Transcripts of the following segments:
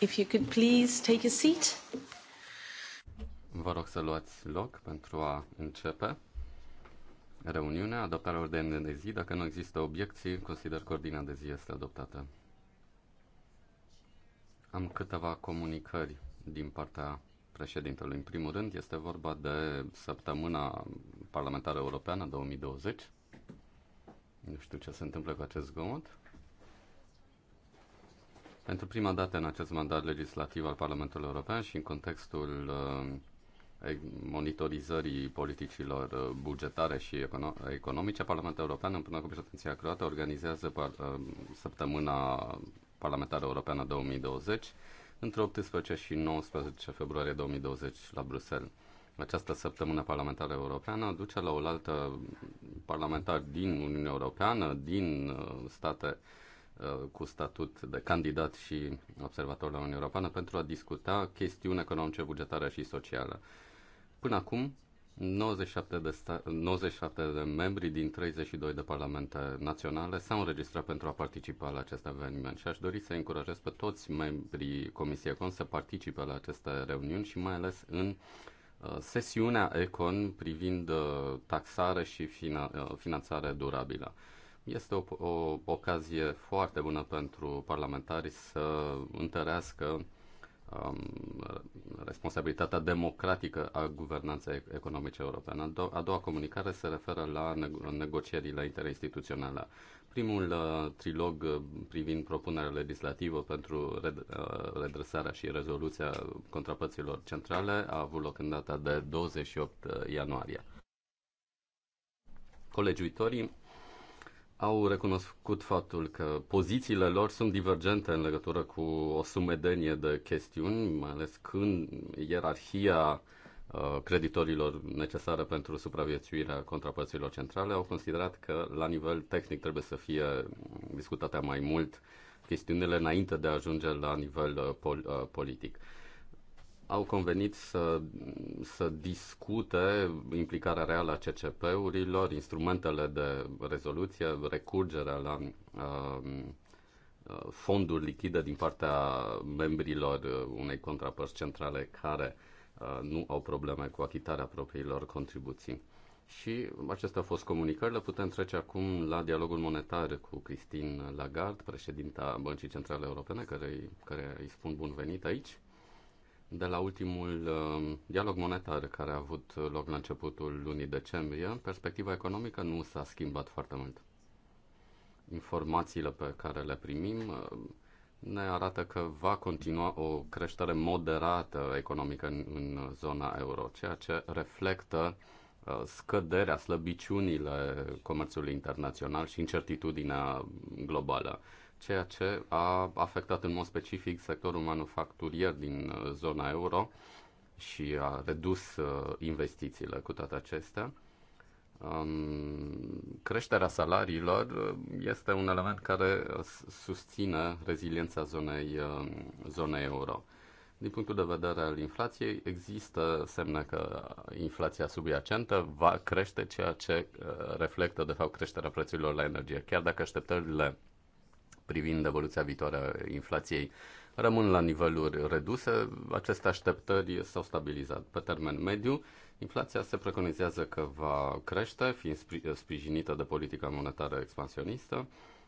If you could please take a seat. Vă rog să luați loc pentru a începe reuniunea, adoptarea ordinei de zi. Dacă nu există obiecții, consider că ordinea de zi este adoptată. Am câteva comunicări din partea președintelui. În primul rând, este vorba de săptămâna parlamentară europeană 2020. Nu știu ce se întâmplă cu acest zgomot. Pentru prima dată în acest mandat legislativ al Parlamentului European și în contextul uh, monitorizării politicilor uh, bugetare și econo- economice, Parlamentul European, împreună cu președinția croată, organizează par- uh, săptămâna parlamentară europeană 2020 între 18 și 19 februarie 2020 la Bruxelles. Această săptămână parlamentară europeană duce la o altă parlamentar din Uniunea Europeană, din state Uh, cu statut de candidat și observator la Uniunea Europeană pentru a discuta chestiuni economice, bugetare și sociale. Până acum, 97 de, sta- 97 de membri din 32 de parlamente naționale s-au înregistrat pentru a participa la acest eveniment și aș dori să încurajez pe toți membrii Comisiei Econ să participe la aceste reuniuni și mai ales în uh, sesiunea Econ privind uh, taxare și fina- finanțare durabilă. Este o, o ocazie foarte bună pentru parlamentari să întărească um, responsabilitatea democratică a guvernanței economice europene. A, do- a doua comunicare se referă la ne- negocierile interinstituționale. Primul uh, trilog privind propunerea legislativă pentru red- uh, redresarea și rezoluția contrapăților centrale a avut loc în data de 28 uh, ianuarie. Colegiuitorii au recunoscut faptul că pozițiile lor sunt divergente în legătură cu o sumedenie de chestiuni, mai ales când ierarhia uh, creditorilor necesară pentru supraviețuirea contrapărților centrale au considerat că la nivel tehnic trebuie să fie discutate mai mult chestiunile înainte de a ajunge la nivel uh, pol- uh, politic au convenit să, să discute implicarea reală a CCP-urilor, instrumentele de rezoluție, recurgerea la um, uh, fonduri lichide din partea membrilor unei contrapărți centrale care uh, nu au probleme cu achitarea propriilor contribuții. Și acestea au fost comunicările. Putem trece acum la dialogul monetar cu Christine Lagarde, președinta Băncii Centrale Europene, care, care îi spun bun venit aici de la ultimul um, dialog monetar care a avut loc la începutul lunii decembrie, perspectiva economică nu s-a schimbat foarte mult. Informațiile pe care le primim um, ne arată că va continua o creștere moderată economică în, în zona euro, ceea ce reflectă uh, scăderea, slăbiciunile comerțului internațional și incertitudinea globală ceea ce a afectat în mod specific sectorul manufacturier din uh, zona euro și a redus uh, investițiile cu toate acestea. Um, creșterea salariilor uh, este un element care susține reziliența zonei, zonei euro. Din punctul de vedere al inflației, există semne că inflația subiacentă va crește, ceea ce reflectă, de fapt, creșterea prețurilor la energie. Chiar dacă așteptările privind evoluția viitoare a inflației rămân la niveluri reduse. Aceste așteptări s-au stabilizat pe termen mediu. Inflația se preconizează că va crește, fiind sprijinită de politica monetară expansionistă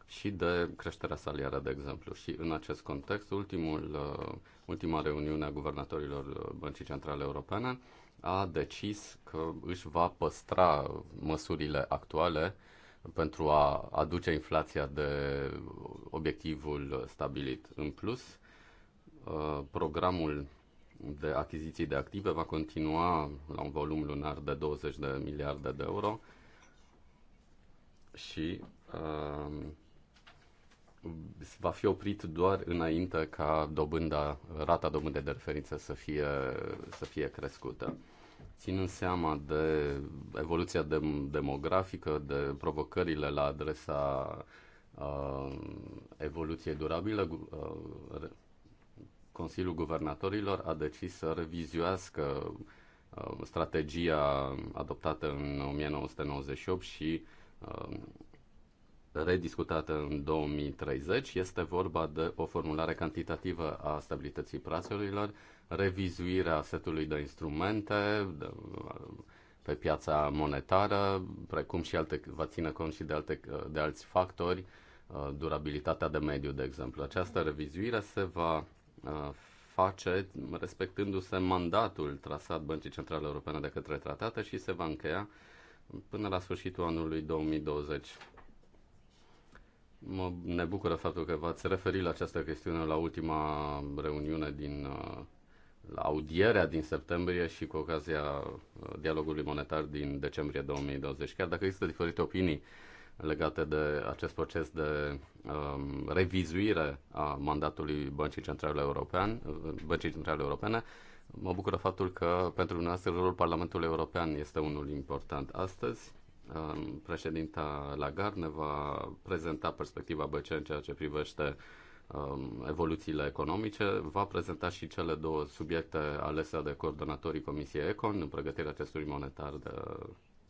și de creșterea salarială, de exemplu. Și în acest context, ultimul, uh, ultima reuniune a guvernatorilor Băncii Centrale Europene a decis că își va păstra măsurile actuale pentru a aduce inflația de obiectivul stabilit. În plus, uh, programul de achiziții de active va continua la un volum lunar de 20 de miliarde de euro și uh, va fi oprit doar înainte ca dobânda, rata dobândei de referință să fie, să fie crescută ținând seama de evoluția dem- demografică, de provocările la adresa uh, evoluției durabile, uh, Consiliul Guvernatorilor a decis să revizuiască uh, strategia adoptată în 1998 și uh, rediscutată în 2030. Este vorba de o formulare cantitativă a stabilității prațurilor revizuirea setului de instrumente de, pe piața monetară, precum și alte, va ține cont și de, alte, de alți factori, uh, durabilitatea de mediu, de exemplu. Această revizuire se va uh, face respectându-se mandatul trasat Băncii Centrale Europene de către tratate și se va încheia până la sfârșitul anului 2020. Mă, ne bucură faptul că v-ați referit la această chestiune la ultima reuniune din uh, la audierea din septembrie și cu ocazia uh, dialogului monetar din decembrie 2020. Chiar dacă există diferite opinii legate de acest proces de um, revizuire a mandatului Băncii Centrale, European, uh, Băncii Centrale Europene, mă bucură faptul că pentru dumneavoastră rolul Parlamentului European este unul important. Astăzi, um, președinta Lagarde ne va prezenta perspectiva BCE în ceea ce privește uh, Um, evoluțiile economice, va prezenta și cele două subiecte alese de coordonatorii Comisiei Econ în pregătirea testului monetar de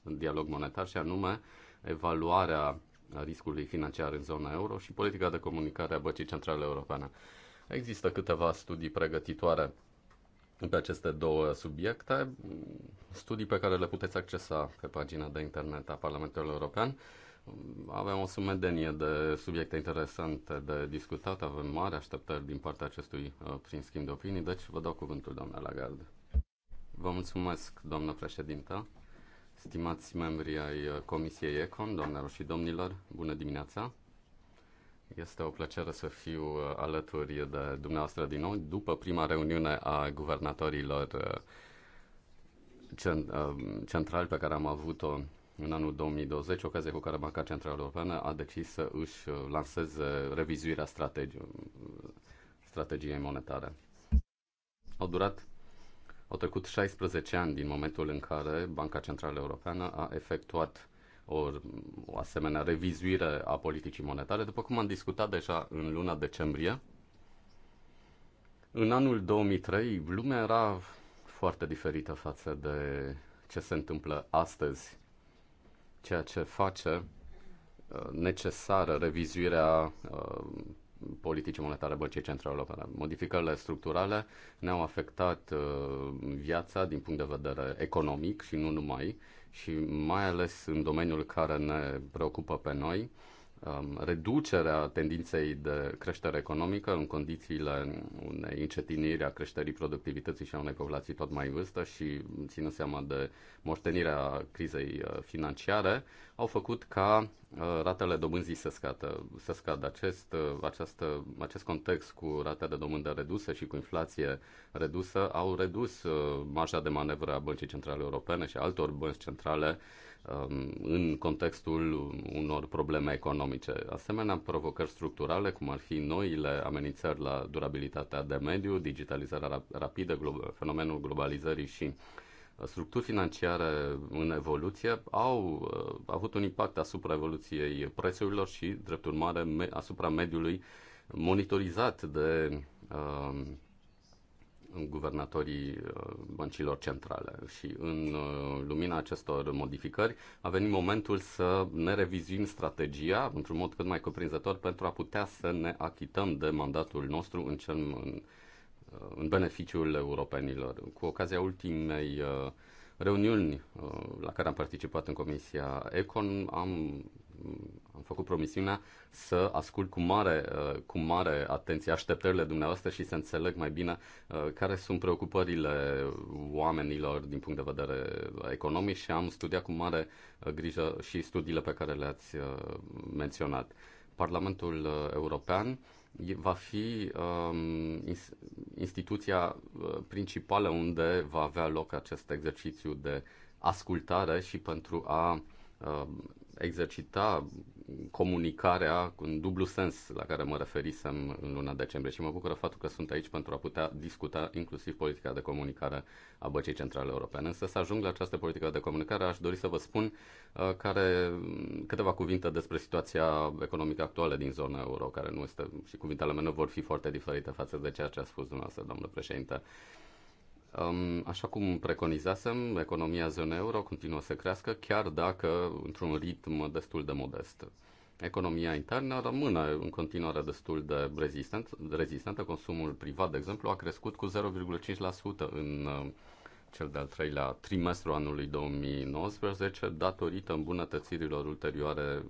dialog monetar și anume evaluarea riscului financiar în zona euro și politica de comunicare a Băcii Centrale Europene. Există câteva studii pregătitoare pe aceste două subiecte, studii pe care le puteți accesa pe pagina de internet a Parlamentului European. Avem o sumedenie de subiecte interesante de discutat, avem mari așteptări din partea acestui uh, prin schimb de opinii, deci vă dau cuvântul, doamna Lagarde. Vă mulțumesc, doamnă președintă, stimați membri ai uh, Comisiei ECON, doamnelor și domnilor, bună dimineața! Este o plăcere să fiu uh, alături de dumneavoastră din nou după prima reuniune a guvernatorilor centrali pe care am avut-o în anul 2020, ocazia cu care Banca Centrală Europeană a decis să își uh, lanseze revizuirea strategiei, strategiei monetare. Au durat au trecut 16 ani din momentul în care Banca Centrală Europeană a efectuat o, o asemenea revizuire a politicii monetare, după cum am discutat deja în luna decembrie. În anul 2003, lumea era foarte diferită față de ce se întâmplă astăzi ceea ce face uh, necesară revizuirea uh, politicii monetare Băncii Centrale Europene. Modificările structurale ne-au afectat uh, viața din punct de vedere economic și nu numai, și mai ales în domeniul care ne preocupă pe noi, Um, reducerea tendinței de creștere economică în condițiile unei încetiniri a creșterii productivității și a unei populații tot mai vârstă și ținând seama de moștenirea crizei uh, financiare, au făcut ca uh, ratele dobânzii să scadă. Să scadă acest, uh, acest, acest context cu rate de dobândă reduse și cu inflație redusă au redus marja de manevră a Băncii Centrale Europene și a altor bănci centrale Um, în contextul unor probleme economice. Asemenea, provocări structurale, cum ar fi noile amenințări la durabilitatea de mediu, digitalizarea rapidă, glo- fenomenul globalizării și uh, structuri financiare în evoluție, au uh, avut un impact asupra evoluției prețurilor și, drept urmare, asupra mediului monitorizat de uh, guvernatorii uh, băncilor centrale. Și în uh, lumina acestor modificări a venit momentul să ne revizuim strategia într-un mod cât mai cuprinzător pentru a putea să ne achităm de mandatul nostru în, cel, în, uh, în beneficiul europenilor. Cu ocazia ultimei reuniuni la care am participat în Comisia Econ, am am făcut promisiunea să ascult cu mare, uh, cu mare atenție așteptările dumneavoastră și să înțeleg mai bine uh, care sunt preocupările oamenilor din punct de vedere uh, economic și am studiat cu mare grijă și studiile pe care le-ați menționat. Parlamentul European va fi um, instituția principală unde va avea loc acest exercițiu de ascultare și pentru a um, exercita comunicarea în un dublu sens la care mă referisem în luna decembrie și mă bucură faptul că sunt aici pentru a putea discuta inclusiv politica de comunicare a Băcii Centrale Europene. Însă să ajung la această politică de comunicare aș dori să vă spun uh, care, câteva cuvinte despre situația economică actuală din zona euro, care nu este, și cuvintele mele vor fi foarte diferite față de ceea ce a spus dumneavoastră, domnule președinte. Uh, Așa cum preconizasem, economia zonei euro continuă să crească, chiar dacă într-un ritm destul de modest. Economia internă rămâne în continuare destul de rezistent, rezistentă. Consumul privat, de exemplu, a crescut cu 0,5% în uh, cel de-al treilea trimestru anului 2019, datorită îmbunătățirilor ulterioare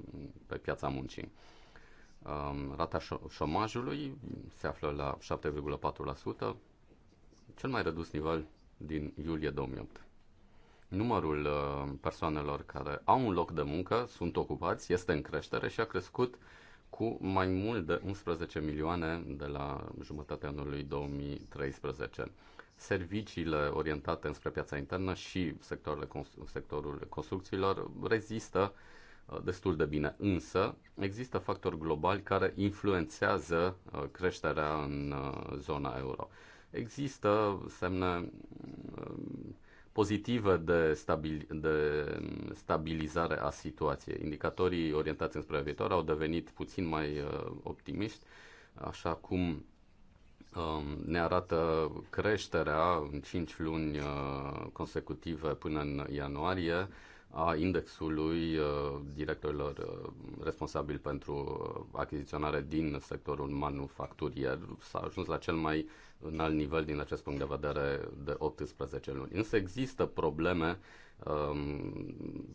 pe piața muncii. Um, rata șomajului se află la 7,4%, cel mai redus nivel din iulie 2008. Numărul uh, persoanelor care au un loc de muncă, sunt ocupați, este în creștere și a crescut cu mai mult de 11 milioane de la jumătatea anului 2013. Serviciile orientate înspre piața internă și sectorul, constru sectorul construcțiilor rezistă uh, destul de bine, însă există factori globali care influențează uh, creșterea în zona euro. Există semne mm, pozitive de, stabil, de stabilizare a situației. Indicatorii orientați înspre viitor au devenit puțin mai uh, optimiști, așa cum um, ne arată creșterea în 5 luni uh, consecutive până în ianuarie a indexului uh, directorilor uh, responsabili pentru uh, achiziționare din sectorul manufacturier. S-a ajuns la cel mai înalt nivel din acest punct de vedere de 18 luni. Însă există probleme um,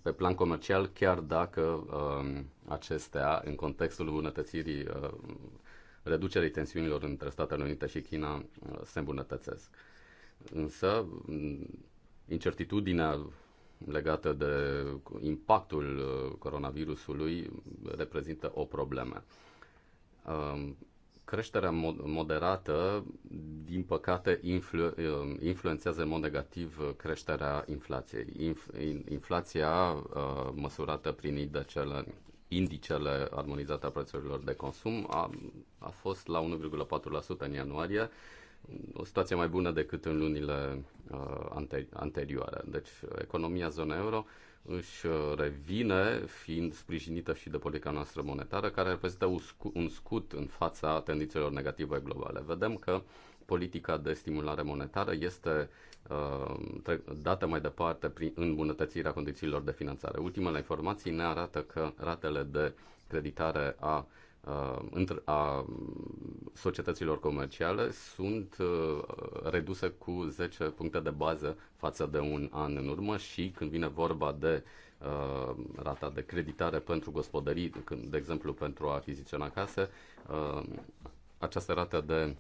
pe plan comercial, chiar dacă um, acestea, în contextul îmbunătățirii reducerii tensiunilor între Statele Unite și China se îmbunătățesc. Însă, mm, incertitudinea legată de impactul uh, coronavirusului reprezintă o problemă. Um, creșterea moderată, din păcate, influ- um, influențează în mod negativ creșterea inflației. Inf- inflația uh, măsurată prin indicele, indicele armonizate a prețurilor de consum a, a fost la 1,4% în ianuarie, o situație mai bună decât în lunile uh, anterioare. Deci economia zonei euro își uh, revine fiind sprijinită și de politica noastră monetară, care reprezintă un scut în fața tendințelor negative globale. Vedem că politica de stimulare monetară este uh, dată mai departe prin îmbunătățirea condițiilor de finanțare. Ultimele informații ne arată că ratele de creditare a uh, Uh, a societăților comerciale sunt uh, reduse cu 10 puncte de bază față de un an în urmă și când vine vorba de uh, rata de creditare pentru gospodării, de exemplu pentru a achiziționa case, această rată de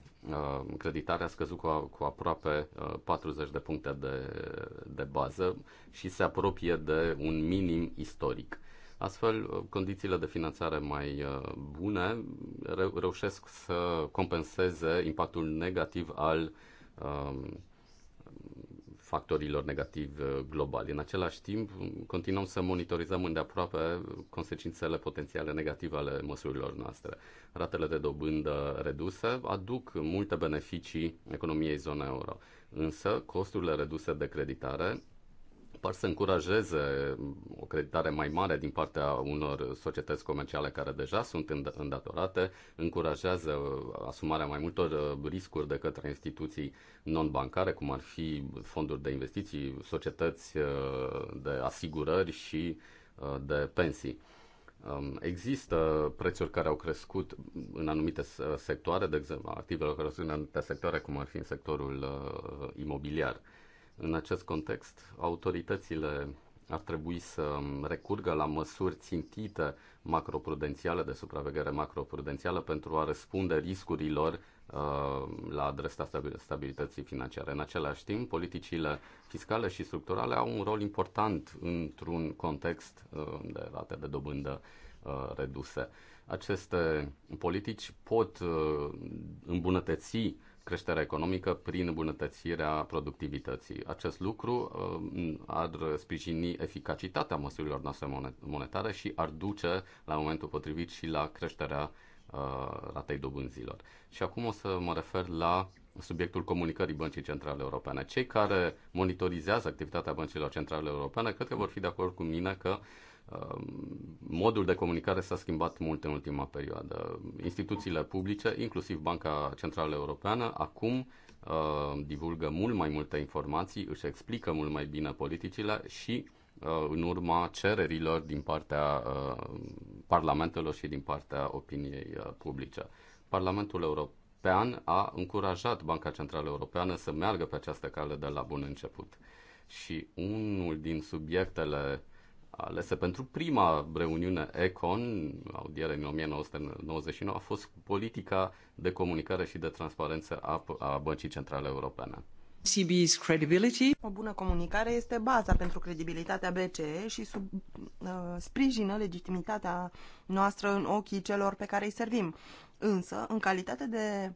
creditare a scăzut cu, cu aproape 40 de puncte de, de bază și se apropie de un minim istoric. Astfel, uh, condițiile de finanțare mai uh, bune reușesc să compenseze impactul negativ al um, factorilor negativi uh, globali. În același timp, continuăm să monitorizăm îndeaproape consecințele potențiale negative ale măsurilor noastre. Ratele de dobândă reduse aduc multe beneficii economiei zonei euro, însă costurile reduse de creditare par să încurajeze o creditare mai mare din partea unor societăți comerciale care deja sunt îndatorate, încurajează asumarea mai multor uh, riscuri de către instituții non-bancare, cum ar fi fonduri de investiții, societăți uh, de asigurări și uh, de pensii. Um, există prețuri care au crescut în anumite sectoare, de exemplu, activele care sunt în anumite sectoare, cum ar fi în sectorul imobiliar. În acest context, autoritățile ar trebui să recurgă la măsuri țintite macroprudențiale, de supraveghere macroprudențială, pentru a răspunde riscurilor uh, la adresa stabilității financiare. În același timp, politicile fiscale și structurale au un rol important într-un context uh, de rate de dobândă uh, reduse. Aceste politici pot îmbunătăți creșterea economică prin îmbunătățirea productivității. Acest lucru um, ar sprijini eficacitatea măsurilor noastre monetare și ar duce la momentul potrivit și la creșterea uh, ratei dobânzilor. Și acum o să mă refer la subiectul comunicării Băncii Centrale Europene. Cei care monitorizează activitatea băncilor centrale europene cred că vor fi de acord cu mine că uh, Ehm, modul de comunicare s-a schimbat mult în ultima perioadă. Instituțiile publice, inclusiv Banca Centrală Europeană, acum ehm, divulgă mult mai multe informații, își explică mult mai bine politicile și ehm, în urma cererilor din partea parlamentelor și din partea opiniei publice. Parlamentul European a încurajat Banca Centrală Europeană să meargă pe această cale de la bun început. Și unul din subiectele uh, alese pentru prima reuniune ECON, audiere în 1999, a fost politica de comunicare și de transparență a, a Băncii Centrale Europene. CB's credibility. O bună comunicare este baza pentru credibilitatea BCE și sub, uh, sprijină legitimitatea noastră în ochii celor pe care îi servim. Însă, în calitate de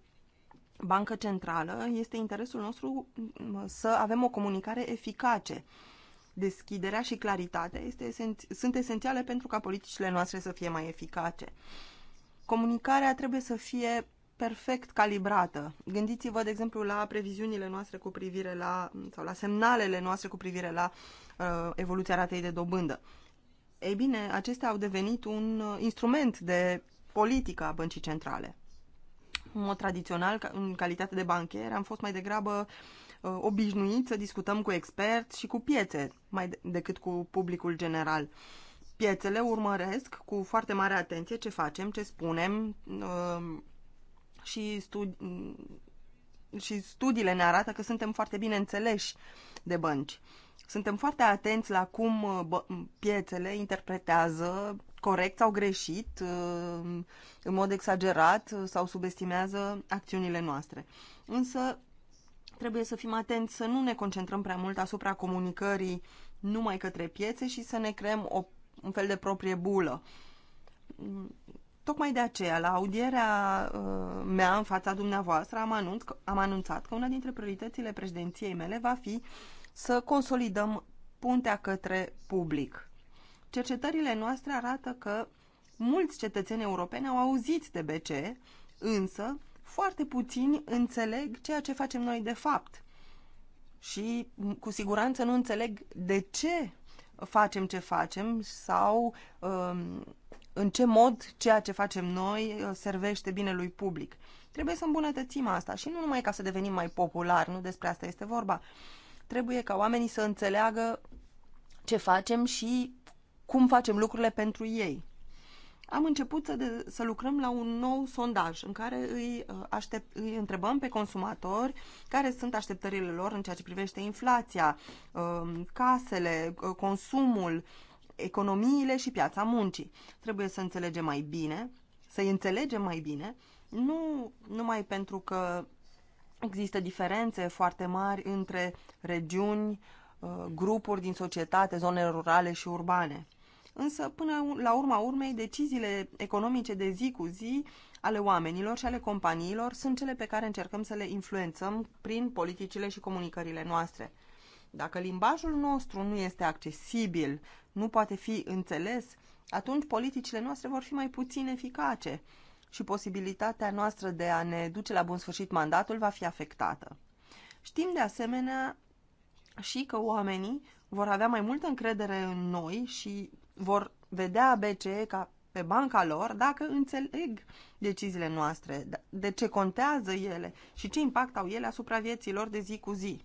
bancă centrală, este interesul nostru uh, să avem o comunicare eficace. Uh, deschiderea și claritatea este esenț sunt esențiale pentru ca politicile noastre să fie mai eficace. Comunicarea trebuie să fie perfect calibrată. Gândiți-vă, de exemplu, la previziunile noastre cu privire la, sau la semnalele noastre cu privire la uh, evoluția ratei de dobândă. Ei bine, acestea au devenit un uh, instrument de politică a băncii centrale. În mod tradițional, în calitate de bancher, am fost mai degrabă uh, Uh, obișnuit să discutăm cu experți și cu piețe, mai decât cu publicul general. Piețele urmăresc cu foarte mare atenție ce facem, ce spunem uh, și, studi- și studiile ne arată că suntem foarte bine înțeleși de bănci. Suntem foarte atenți la cum uh, piețele interpretează corect sau greșit, în mod exagerat sau subestimează acțiunile noastre. Însă Trebuie să fim atenți să nu ne concentrăm prea mult asupra comunicării numai către piețe și să ne creăm o, un fel de proprie bulă. Tocmai de aceea, la audierea uh, mea în fața dumneavoastră, am, anunț, am anunțat că una dintre prioritățile președinției mele va fi să consolidăm puntea către public. Cercetările noastre arată că mulți cetățeni europeni au auzit de BCE, însă foarte puțini înțeleg ceea ce facem noi de fapt. Și cu siguranță nu înțeleg de ce facem ce facem sau um, în ce mod ceea ce facem noi uh, servește binelui public. Trebuie să îmbunătățim asta și nu numai ca să devenim mai populari, nu despre asta este vorba. Trebuie ca oamenii să înțeleagă ce facem și cum facem lucrurile pentru ei am început să, de, să lucrăm la un nou sondaj în care îi, uh, aștept, îi întrebăm pe consumatori care sunt așteptările lor în ceea ce privește inflația, um, casele, uh, consumul, economiile și piața muncii. Trebuie să înțelegem mai bine, să i înțelegem mai bine, nu numai pentru că există diferențe foarte mari între regiuni, uh, grupuri din societate, zone rurale și urbane Însă, până la urma urmei, deciziile economice de zi cu zi ale oamenilor și ale companiilor sunt cele pe care încercăm să le influențăm prin politicile și comunicările noastre. Dacă limbajul nostru nu este accesibil, nu poate fi înțeles, atunci politicile noastre vor fi mai puțin eficace și posibilitatea noastră de a ne duce la bun sfârșit mandatul va fi afectată. Știm de asemenea și că oamenii vor avea mai multă încredere în noi și vor vedea BCE ca pe banca lor dacă înțeleg deciziile noastre, da, de ce contează ele și ce impact au ele asupra lor de zi cu zi.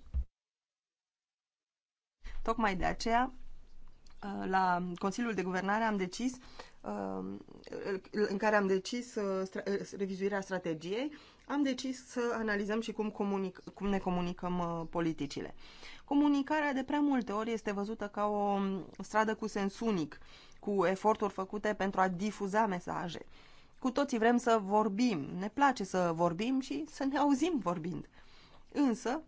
Tocmai de aceea, ă, la Consiliul de Guvernare am decis ă, în care am decis ă, revizuirea strategiei am decis să analizăm și cum, comunic, cum ne comunicăm uh, politicile. Comunicarea de prea multe ori este văzută ca o um, stradă cu sens unic, cu eforturi făcute pentru a difuza mesaje. Cu toții vrem să vorbim, ne place să vorbim și să ne auzim vorbind. Însă,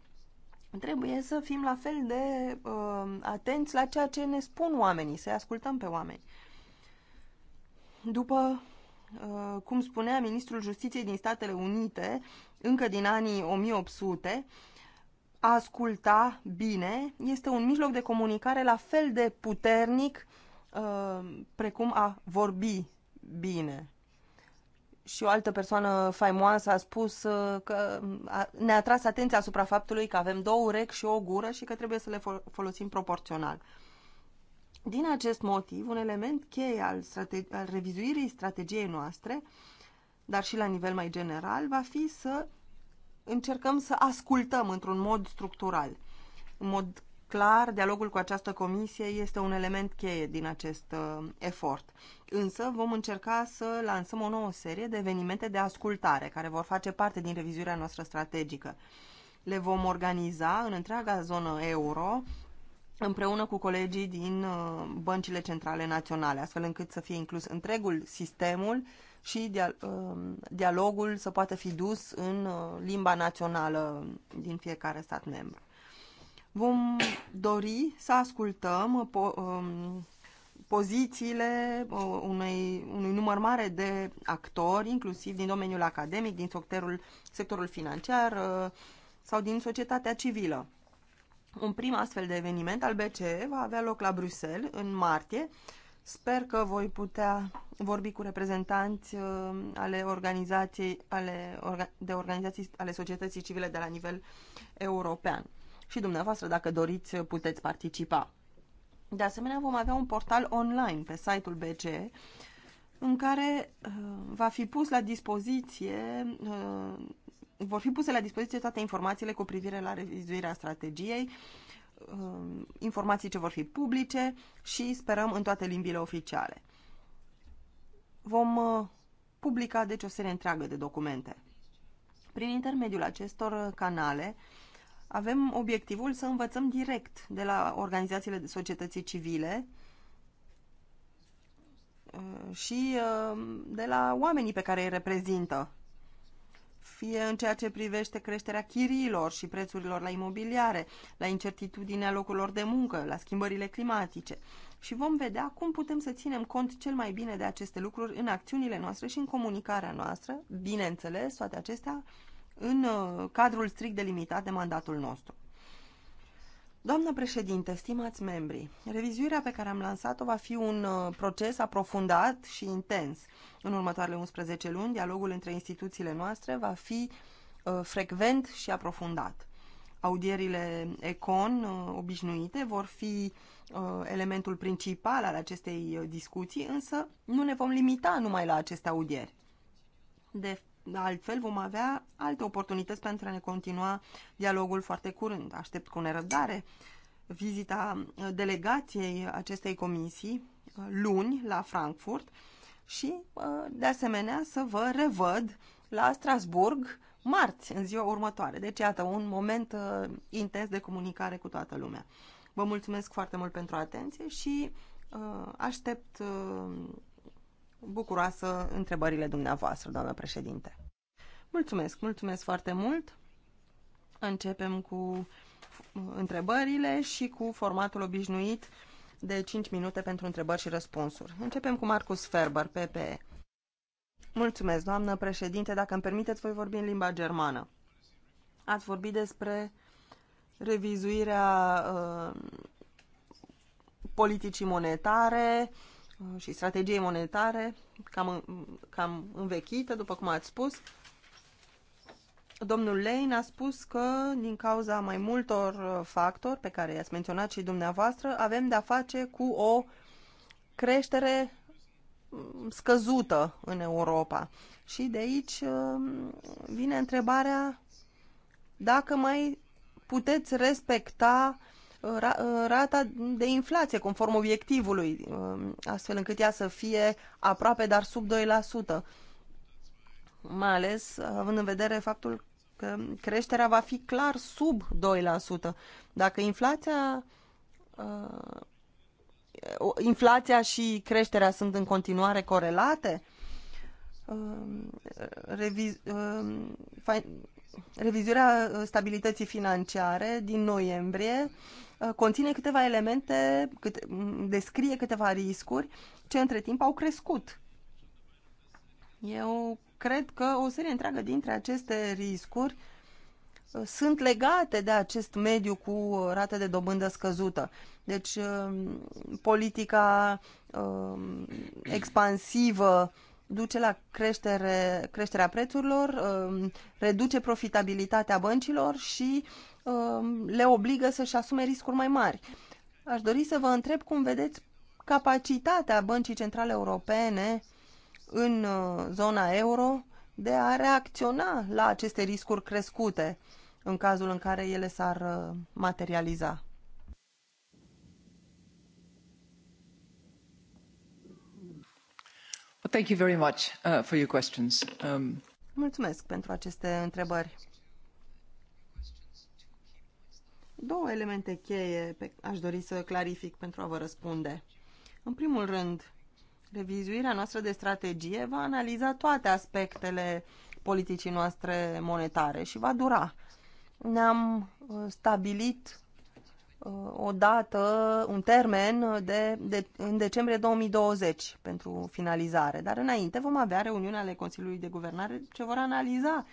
trebuie să fim la fel de uh, atenți la ceea ce ne spun oamenii, să ascultăm pe oameni. După Uh, cum spunea ministrul justiției din Statele Unite, încă din anii 1800, a asculta bine este un mijloc de comunicare la fel de puternic uh, precum a vorbi bine. Și o altă persoană faimoasă a spus uh, că mm, ne-a tras atenția asupra faptului că avem două urechi și o gură și că trebuie să le folosim proporțional. Din acest motiv, un element cheie al, strate- al revizuirii strategiei noastre, dar și la nivel mai general, va fi să încercăm să ascultăm într-un mod structural. În mod clar, dialogul cu această comisie este un element cheie din acest uh, efort. Însă vom încerca să lansăm o nouă serie de evenimente de ascultare care vor face parte din revizuirea noastră strategică. Le vom organiza în întreaga zonă euro, împreună cu colegii din uh, băncile centrale naționale, astfel încât să fie inclus întregul sistemul și uh, dialogul să poată fi dus în uh, limba națională din fiecare stat membru. Vom dori să ascultăm um, pozițiile unei, unui număr mare de actori, inclusiv din domeniul academic, din sectorul, sectorul financiar sau din societatea civilă un prim astfel de eveniment al BCE va avea loc la Bruxelles în martie. Sper că voi putea vorbi cu reprezentanți uh, ale organizației, ale, de organizații ale societății civile de la nivel european. Și dumneavoastră, dacă doriți, puteți participa. De asemenea, vom avea un portal online pe site-ul BCE în care uh, va fi pus la dispoziție uh, vor fi puse la dispoziție toate informațiile cu privire la revizuirea strategiei, um, informații ce vor fi publice și sperăm în toate limbile oficiale. Vom uh, publica deci o serie întreagă de documente. Prin intermediul acestor canale avem obiectivul să învățăm direct de la organizațiile de societății civile uh, și uh, de la oamenii pe care îi reprezintă fie în ceea ce privește creșterea chiriilor și prețurilor la imobiliare, la incertitudinea locurilor de muncă, la schimbările climatice. Și vom vedea cum putem să ținem cont cel mai bine de aceste lucruri în acțiunile noastre și în comunicarea noastră, bineînțeles, toate acestea în uh, cadrul strict delimitat de mandatul nostru. Doamnă președinte, stimați membri, revizuirea pe care am lansat-o va fi un uh, proces aprofundat și intens. În următoarele 11 luni, dialogul între instituțiile noastre va fi uh, frecvent și aprofundat. Audierile ECON uh, obișnuite vor fi elementul principal al acestei discuții, însă nu ne vom limita numai la aceste audieri. De altfel vom avea alte oportunități pentru a ne continua dialogul foarte curând. Aștept cu nerăbdare vizita uh, delegației acestei comisii uh, luni la Frankfurt și, uh, de asemenea, să vă revăd la Strasburg marți, în ziua următoare. Deci, iată, un moment intens de comunicare cu toată lumea. Vă mulțumesc foarte mult pentru atenție și aștept bucuroasă întrebările dumneavoastră, doamnă președinte. Mulțumesc, mulțumesc foarte mult. Începem cu uh, întrebările și cu formatul obișnuit de 5 minute pentru întrebări și răspunsuri. Începem cu Marcus Ferber, PPE. Mulțumesc, doamnă președinte. Dacă îmi permiteți, voi vorbi în limba germană. Ați vorbit despre revizuirea uh, politicii monetare, uh, Uh, și strategiei monetare cam, cam învechită, după cum ați spus. Domnul Lane a spus că, din cauza mai multor uh, factori pe care i-ați menționat și dumneavoastră, avem de-a face cu o creștere mm, scăzută în Europa. Și de aici uh, vine întrebarea dacă mai puteți respecta rata de inflație conform obiectivului, um, astfel încât ea să fie aproape, dar sub 2%. Mai ales având în vedere faptul că creșterea va fi clar sub 2%. Dacă inflația uh, inflația și creșterea sunt în continuare corelate, um, reviz, um, revizuirea stabilității financiare din noiembrie Uh, conține câteva elemente, câte, descrie câteva riscuri ce între timp au crescut. Eu cred că o serie întreagă dintre aceste riscuri uh, sunt legate de acest mediu cu rată de dobândă scăzută. Deci, uh, politica expansivă duce la creștere, creșterea prețurilor, reduce profitabilitatea băncilor și Um, le obligă să-și asume riscuri mai mari. Aș dori să vă întreb cum vedeți capacitatea Băncii Centrale Europene în uh, zona euro de a reacționa la aceste riscuri crescute în cazul în care ele s-ar uh, materializa. Thank you very much uh, for your questions. Um, Mulțumesc pentru aceste întrebări. Două elemente cheie pe aș dori să clarific pentru a vă răspunde. În primul rând, revizuirea noastră de strategie va analiza toate aspectele politicii noastre monetare și va dura. Ne-am uh, stabilit uh, o dată, un termen de, de, în decembrie 2020 pentru finalizare. Dar înainte vom avea reuniunea ale Consiliului de Guvernare ce vor analiza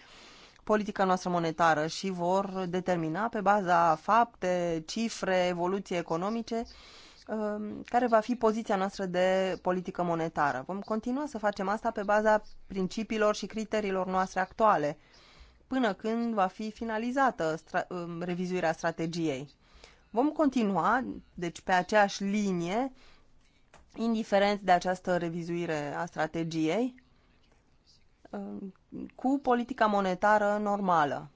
politica noastră monetară și vor determina pe baza fapte, cifre, evoluții economice um, care va fi poziția noastră de politică monetară. Vom continua să facem asta pe baza principiilor și criteriilor noastre actuale, până când va fi finalizată stra um, revizuirea strategiei. Vom continua, deci, pe aceeași linie, indiferent de această revizuire a strategiei, Uh, cu politica monetară normală.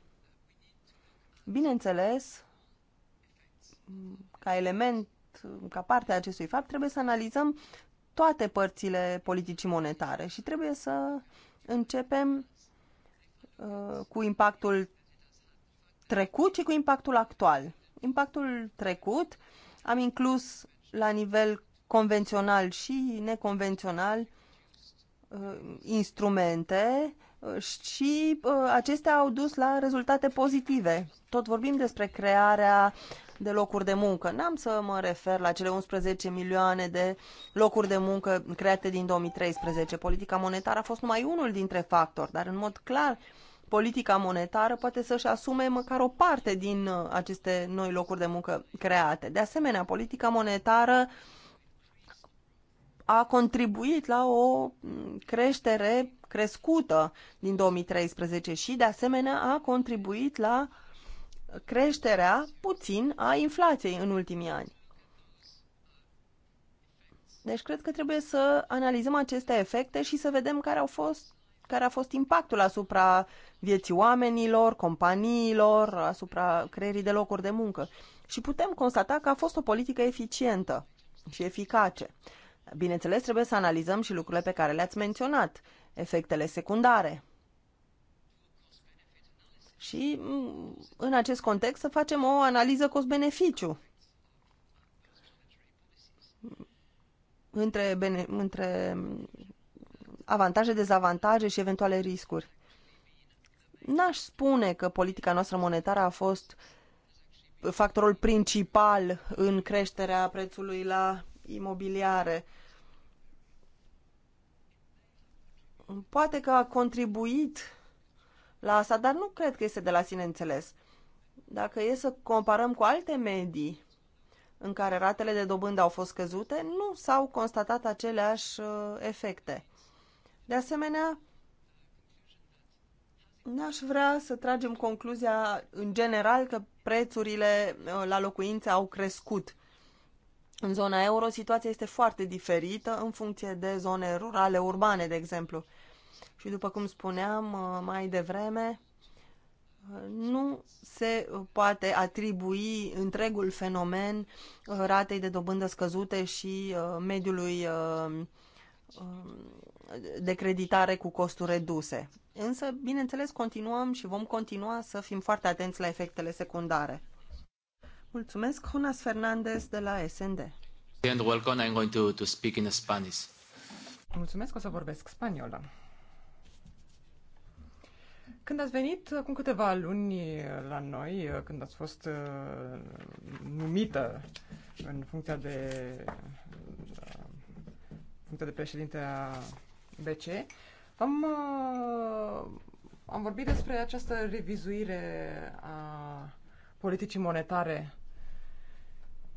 Bineînțeles, ca element, ca parte a acestui fapt, trebuie să analizăm toate părțile politicii monetare și trebuie să începem uh, cu impactul trecut și cu impactul actual. Impactul trecut am inclus la nivel convențional și neconvențional Uh, instrumente uh, și uh, acestea au dus la rezultate pozitive. Tot vorbim despre crearea de locuri de muncă. N-am să mă refer la cele 11 milioane de locuri de muncă create din 2013. Politica monetară a fost numai unul dintre factori, dar în mod clar politica monetară poate să-și asume măcar o parte din aceste noi locuri de muncă create. De asemenea, politica monetară uh, a contribuit la o mm, creștere crescută din 2013 și, de asemenea, a contribuit la creșterea puțin a inflației în ultimii ani. Deci cred că trebuie să analizăm aceste efecte și să vedem care, au fost, care a fost impactul asupra vieții oamenilor, companiilor, asupra creierii de locuri de muncă. Și putem constata că a fost o politică eficientă și eficace. Bineînțeles, trebuie să analizăm și lucrurile pe care le-ați menționat, efectele secundare. Și mm, în acest context să facem o analiză cost-beneficiu între, bene, între avantaje, dezavantaje și eventuale riscuri. N-aș spune că politica noastră monetară a fost factorul principal în creșterea prețului la imobiliare. Poate că a contribuit la asta, dar nu cred că este de la sine înțeles. Dacă e să comparăm cu alte medii în care ratele de dobândă au fost căzute, nu s-au constatat aceleași uh, efecte. De asemenea, n-aș vrea să tragem concluzia în general că prețurile uh, la locuințe au crescut. În zona euro situația este foarte diferită în funcție de zone rurale, urbane, de exemplu. Și după cum spuneam uh, mai devreme, uh, nu se uh, poate atribui întregul fenomen ratei de dobândă scăzute și mediului de creditare cu costuri reduse. Însă, bineînțeles, continuăm și vom continua să fim foarte atenți la efectele secundare. Mulțumesc, Jonas Fernandez de la SND. And welcome, I'm going to, to speak in Spanish. Mulțumesc, o să vorbesc spaniola. Când ați venit acum câteva luni la noi, când ați fost uh, numită în funcția de uh, funcția de președinte a BC, am, uh, am vorbit despre această revizuire a politicii monetare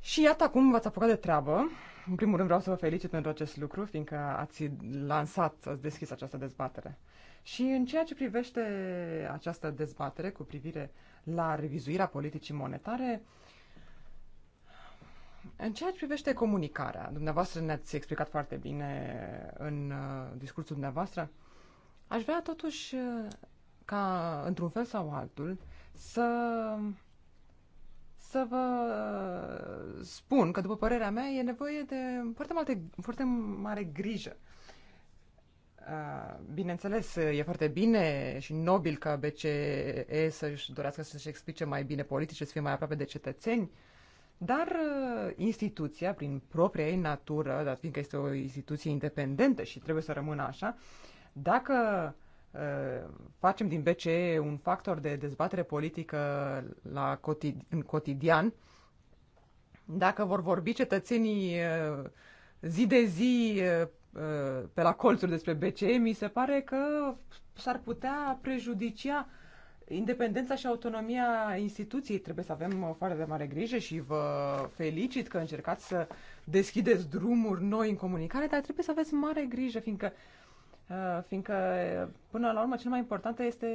și iată acum v-ați apucat de treabă. În primul rând vreau să vă felicit pentru acest lucru, fiindcă ați lansat, ați deschis această dezbatere. Și în ceea ce privește această dezbatere cu privire la revizuirea politicii monetare, în ceea ce privește comunicarea, dumneavoastră ne-ați explicat foarte bine în uh, discursul dumneavoastră, aș vrea totuși uh, ca, într-un fel sau altul, să să vă uh, spun că, după părerea mea, e nevoie de foarte, multe, foarte mare grijă. Uh, bineînțeles, e foarte bine și nobil ca BCE să-și dorească să-și explice mai bine politice, să fie mai aproape de cetățeni, dar uh, instituția, prin propria ei natură, dar fiindcă este o instituție independentă și trebuie să rămână așa, dacă uh, facem din BCE un factor de dezbatere politică la cotid- în cotidian, dacă vor vorbi cetățenii uh, zi de zi uh, uh, pe la colțuri despre BCE, mi se pare că s-ar putea prejudicia independența și autonomia instituției. Trebuie să avem o foarte de mare grijă și vă felicit că încercați să deschideți drumuri noi în comunicare, dar trebuie să aveți mare grijă, fiindcă uh, Uh, fiindcă, uh, până la urmă, cel mai important este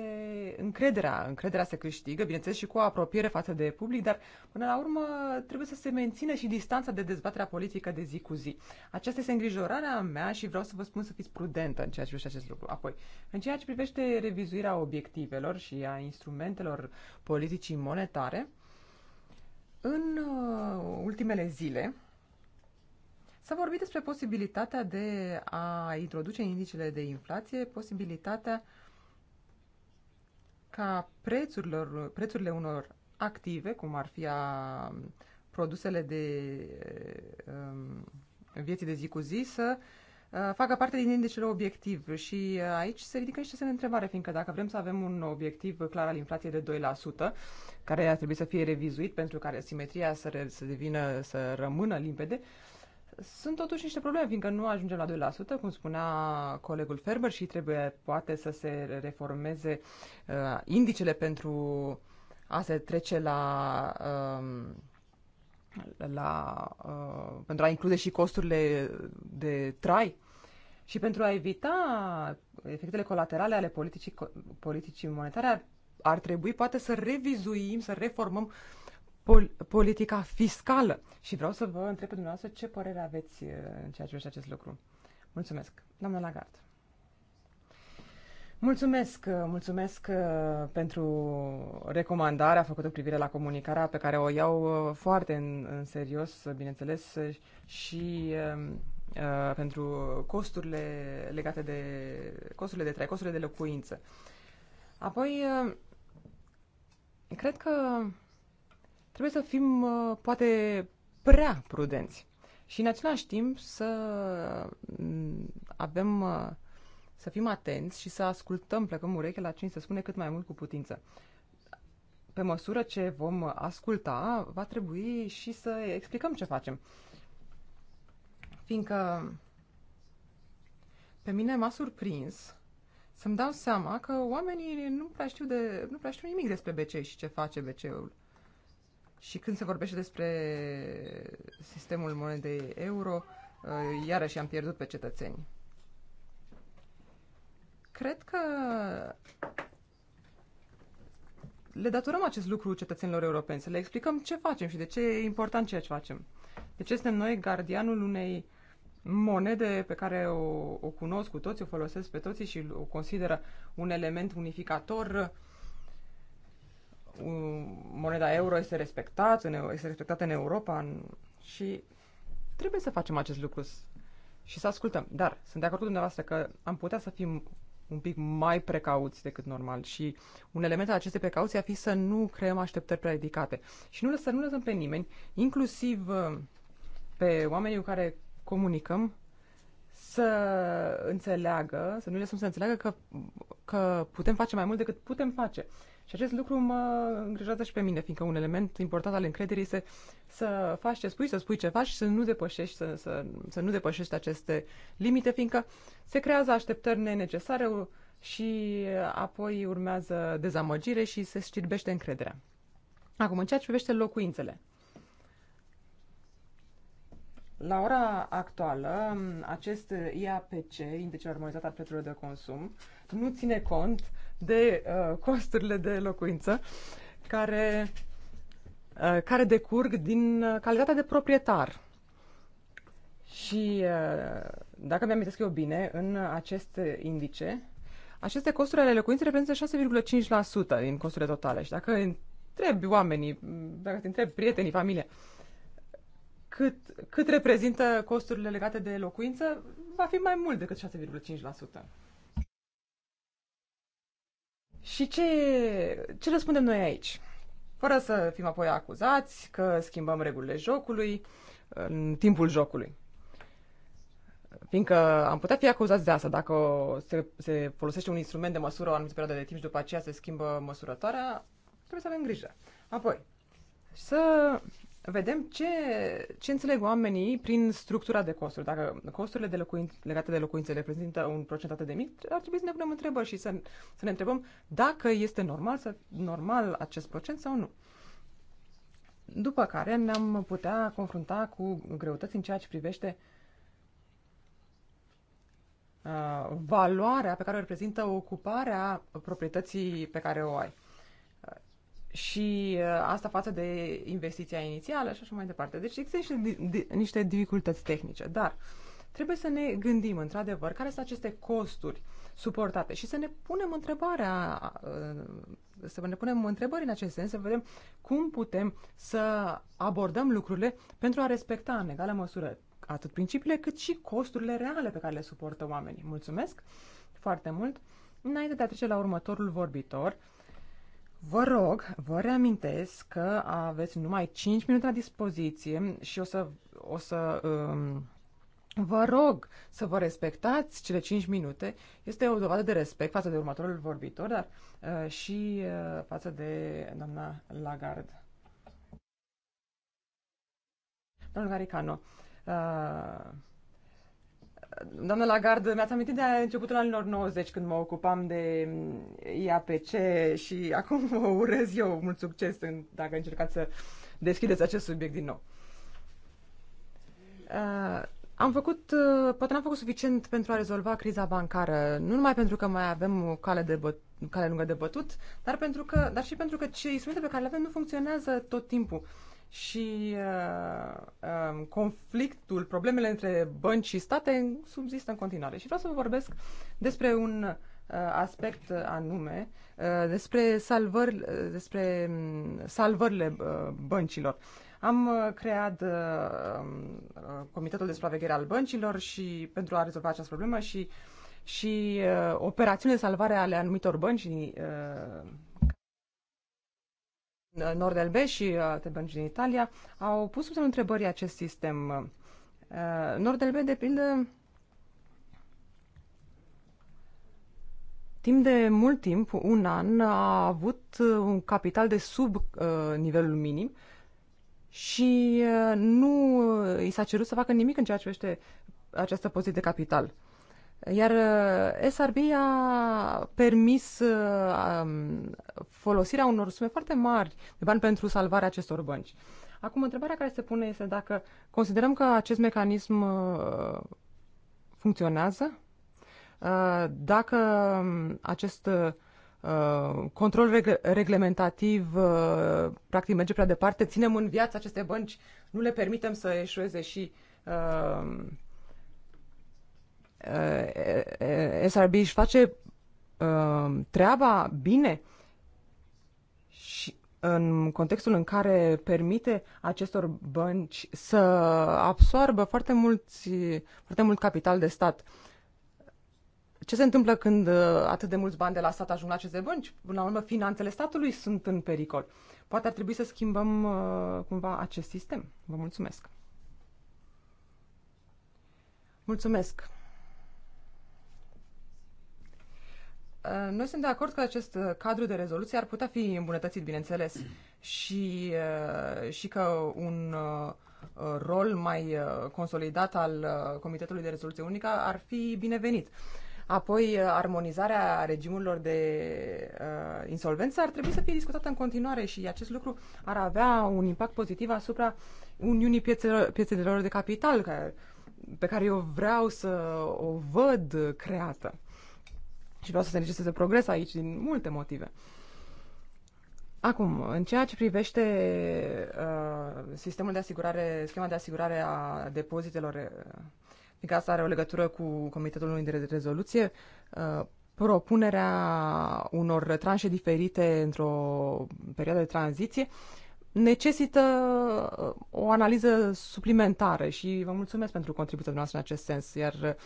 încrederea. Încrederea se câștigă, bineînțeles, și cu o apropiere față de public, dar, până la urmă, trebuie să se mențină și distanța de dezbaterea politică de zi cu zi. Aceasta este îngrijorarea mea și vreau să vă spun să fiți prudentă în ceea ce privește acest lucru. Apoi, în ceea ce privește revizuirea obiectivelor și a instrumentelor politicii monetare, în uh, ultimele zile, S-a vorbit despre posibilitatea de a introduce indicele de inflație, posibilitatea ca prețurilor, prețurile unor active, cum ar fi a um, produsele de um, vieții de zi cu zi, să uh, facă parte din indicele obiectiv. Și uh, aici se ridică niște semne întrebare, fiindcă dacă vrem să avem un obiectiv clar al inflației de 2%, care ar trebui să fie revizuit pentru care simetria să, re- să devină, să rămână limpede, uh, sunt totuși niște probleme, fiindcă nu ajungem la 2%, cum spunea colegul Ferber, și trebuie poate să se reformeze uh, indicele pentru a se trece la, uh, la uh, pentru a include și costurile de trai și pentru a evita efectele colaterale ale politicii, politicii monetare ar, ar trebui poate să revizuim, să reformăm uh, pol- politica fiscală. Și vreau să vă întreb pe dumneavoastră ce părere aveți uh, în ceea ce privește acest lucru. Mulțumesc, doamna Lagarde. Mulțumesc, uh, mulțumesc uh, pentru recomandarea făcută privire la comunicarea pe care o iau foarte în, în serios, bineînțeles, și um, uh, pentru costurile legate de costurile de trai, costurile de locuință. Apoi, uh, cred că Trebuie să fim uh, poate prea prudenți și în același timp să mm, avem uh, să fim atenți și să ascultăm, plecăm ureche la cine se spune cât mai mult cu putință. Pe măsură ce vom asculta, va trebui și să explicăm ce facem. Fiindcă pe mine m-a surprins să-mi dau seama că oamenii nu prea știu, de, nu prea știu nimic despre BC și ce face BC-ul. Și când se vorbește despre sistemul monedei euro, uh, iarăși am pierdut pe cetățeni. Cred că le datorăm acest lucru cetățenilor europeni, să le explicăm ce facem și de ce e important ceea ce facem. De deci ce suntem noi gardianul unei monede pe care o, o cunosc cu toți, o folosesc pe toții și o consideră un element unificator Uh, moneda euro este, respectată, este respectată în Europa în, și trebuie să facem acest lucru și să ascultăm. Dar sunt de acord cu dumneavoastră că am putea să fim un pic mai precauți decât normal și un element al acestei precauții a fi să nu creăm așteptări prea ridicate și nu să nu lăsăm pe nimeni, inclusiv uh, pe oamenii cu care comunicăm, să înțeleagă, să nu lăsăm să înțeleagă că, că putem face mai mult decât putem face. Și acest lucru mă îngrijează și pe mine, fiindcă un element important al încrederii este să faci ce spui, să spui ce faci și să nu depășești, să, să, să nu depășești aceste limite, fiindcă se creează așteptări nenecesare și apoi urmează dezamăgire și se știrbește încrederea. Acum, în ceea ce privește locuințele. La ora actuală, acest IAPC, Indicele Armonizat al Prețurilor de Consum, nu ține cont de uh, costurile de locuință care, uh, care decurg din uh, calitatea de proprietar. Și uh, dacă mi-am eu bine, în acest indice, aceste costuri ale locuinței reprezintă 6,5% din costurile totale. Și dacă întrebi oamenii, dacă te întrebi prietenii, familia, cât, cât reprezintă costurile legate de locuință, va fi mai mult decât 6,5%. Și ce, ce răspundem noi aici? Fără să fim apoi acuzați că schimbăm regulile jocului în timpul jocului. Fiindcă am putea fi acuzați de asta dacă se, se folosește un instrument de măsură o anumită perioadă de timp și după aceea se schimbă măsurătoarea, trebuie să avem grijă. Apoi, să vedem ce, ce înțeleg oamenii prin structura de costuri. Dacă costurile de locuin, legate de locuințe reprezintă un procent atât de mic, ar trebui să ne punem întrebări și să, să ne întrebăm dacă este normal, să, normal acest procent sau nu. După care ne-am putea confrunta cu greutăți în ceea ce privește uh, valoarea pe care o reprezintă ocuparea proprietății pe care o ai și uh, asta față de investiția inițială și așa mai departe. Deci există niște, niște dificultăți tehnice, dar trebuie să ne gândim într-adevăr care sunt aceste costuri suportate și să ne punem întrebarea, uh, să ne punem întrebări în acest sens, să vedem cum putem să abordăm lucrurile pentru a respecta în egală măsură atât principiile cât și costurile reale pe care le suportă oamenii. Mulțumesc foarte mult! Înainte de a trece la următorul vorbitor, Vă rog, vă reamintesc că aveți numai 5 minute la dispoziție și o să, o să um, vă rog să vă respectați cele 5 minute. Este o dovadă de respect față de următorul vorbitor, dar uh, și uh, față de doamna Lagarde. Domnul Garicano, uh, Doamna Lagarde, mi-ați amintit de începutul anilor 90 când mă ocupam de mm, IAPC și acum vă urez eu mult succes în, dacă încercați să deschideți acest subiect din nou. Uh, am făcut, uh, poate n-am făcut suficient pentru a rezolva criza bancară, nu numai pentru că mai avem o cale, de băt, cale lungă de bătut, dar, pentru că, dar și pentru că ce instrumente pe care le avem nu funcționează tot timpul și uh, um, conflictul, problemele între bănci și state subzistă în continuare. Și vreau să vă vorbesc despre un uh, aspect anume, uh, despre, salvări, uh, despre um, salvările uh, băncilor. Am uh, creat uh, um, uh, Comitetul de Supraveghere al Băncilor și pentru a rezolva această problemă și, și uh, operațiuni de salvare ale anumitor bănci uh, Uh, Nord și uh, te bănci din Italia au pus sub întrebări acest sistem. Uh, Nord de pildă, timp de mult timp, un an, a avut un capital de sub nivelul minim și nu i s-a cerut să facă nimic în ceea ce privește această poziție de capital. Iar uh, SRB a permis uh, um, folosirea unor sume foarte mari de bani pentru salvarea acestor bănci. Acum, întrebarea care se pune este dacă considerăm că acest mecanism uh, funcționează, dacă um, acest control reglementativ practic merge prea departe, ținem în viață aceste bănci, nu le permitem să eșueze și uh, SRB își face uh, treaba bine și în contextul în care permite acestor bănci să absoarbă foarte, mulți, foarte mult capital de stat. Ce se întâmplă când uh, atât de mulți bani de la stat ajung la aceste bănci? Până la urmă, finanțele statului sunt în pericol. Poate ar trebui să schimbăm uh, cumva acest sistem. Vă mulțumesc! Mulțumesc! Uh, noi suntem de acord că acest uh, cadru de rezoluție ar putea fi îmbunătățit, bineînțeles, și, uh, și că un rol mai consolidat al Comitetului de Rezoluție Unică ar fi binevenit. Apoi, armonizarea regimurilor de uh, insolvență ar trebui să fie discutată în continuare și acest lucru ar avea un impact pozitiv asupra Uniunii piețelor, piețelor de capital, care, pe care eu vreau să o văd creată. Și vreau să se înregistreze progres aici din multe motive. Acum, în ceea ce privește uh, sistemul de asigurare, schema de asigurare a depozitelor, uh, fiindcă asta are o legătură cu Comitetul unui de rezoluție, uh, propunerea unor tranșe diferite într-o perioadă de tranziție uh, necesită uh, o analiză suplimentară și vă mulțumesc pentru contribuția noastră în acest sens. Iar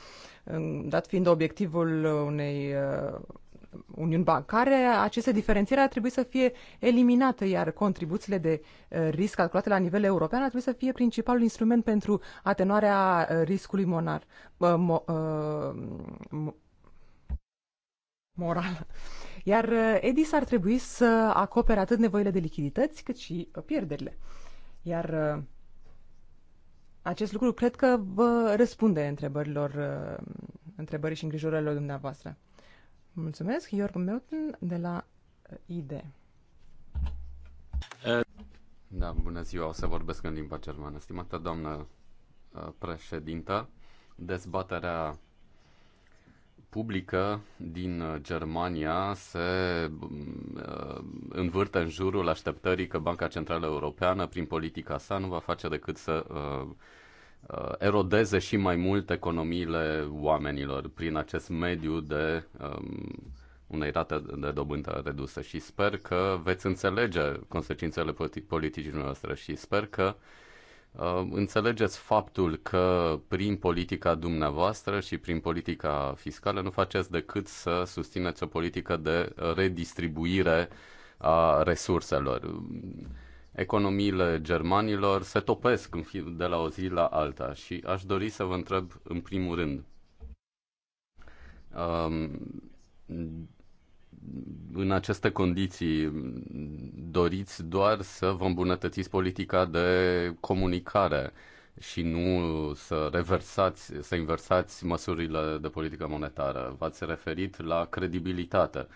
uh, dat fiind obiectivul unei uh, uniuni bancare, aceste diferențiere ar trebui să fie eliminate, iar contribuțiile de risc calculate la nivel european ar trebui să fie principalul instrument pentru atenuarea riscului monar, mo, mo, moral. Iar uh, EDIS ar trebui să acopere atât nevoile de lichidități cât și uh, pierderile. Iar uh, acest lucru cred că vă răspunde întrebărilor, întrebării și îngrijorărilor dumneavoastră. Mulțumesc, Iorg Meuten de la ID. Da, bună ziua, o să vorbesc în limba germană. Stimată doamnă președintă, dezbaterea publică din uh, Germania se uh, învârte în jurul așteptării că Banca Centrală Europeană, prin politica sa, nu va face decât să uh, erodeze și mai mult economiile oamenilor prin acest mediu de um, unei rate de dobândă redusă. Și sper că veți înțelege consecințele politicii noastre și sper că uh, Uh, înțelegeți faptul că prin politica dumneavoastră și prin politica fiscală nu faceți decât să susțineți o politică de redistribuire a resurselor. Economiile germanilor se topesc de la o zi la alta și aș dori să vă întreb în primul rând. Um, în aceste condiții doriți doar să vă îmbunătățiți politica de comunicare și nu să reversați, să inversați măsurile de politică monetară. V-ați referit la credibilitate.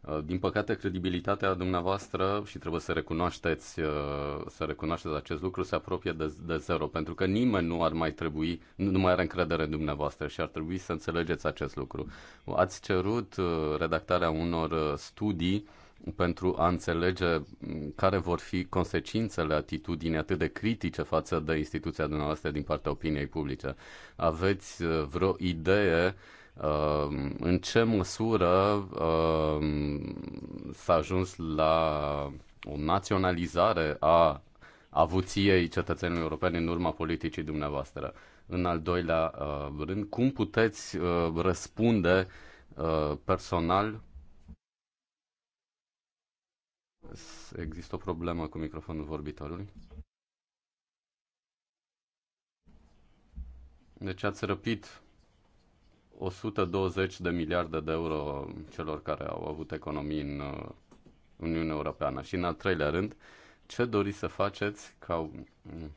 Uh, din păcate, credibilitatea dumneavoastră, și trebuie să recunoașteți, uh, să recunoașteți acest lucru, se apropie de, de zero, pentru că nimeni nu ar mai trebui, nu mai are încredere în dumneavoastră și ar trebui să înțelegeți acest lucru. Ați cerut uh, redactarea unor studii pentru a înțelege mm, care vor fi consecințele atitudinii atât de critice față de instituția dumneavoastră din partea opiniei publice. Aveți vreo idee uh, Ehm, în ce măsură ehm, s-a ajuns la o naționalizare a avuției cetățenilor europeni în urma politicii dumneavoastră. În al doilea ehm, rând, cum puteți răspunde personal? Există o problemă cu microfonul vorbitorului? Deci ați răpit 120 de miliarde de euro celor care au avut economii în uh, Uniunea Europeană. Și în al treilea rând, ce doriți să faceți ca mm,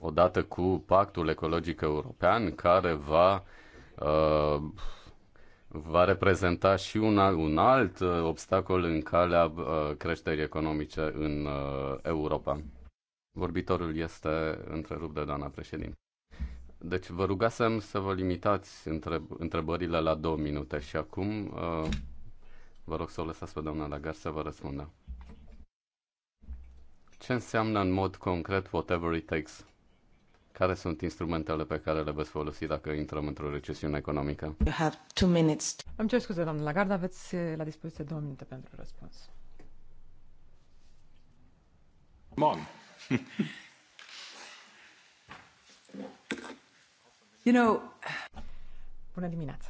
odată cu pactul ecologic european care va uh, va reprezenta și un, un alt uh, obstacol în calea uh, creșterii economice în uh, Europa. Vorbitorul este întrerupt de doamna președinte. Deci vă rugasem să vă limitați întreb- întrebările la două minute și acum uh, vă rog să o lăsați pe doamna Lagar să vă răspundă. Ce înseamnă în mod concret whatever it takes? Care sunt instrumentele pe care le veți folosi dacă intrăm într-o recesiune economică? You have two minutes. Îmi cer scuze, doamnă Lagarde, aveți eh, la dispoziție două minute pentru răspuns. Bun. You know... Bună dimineața!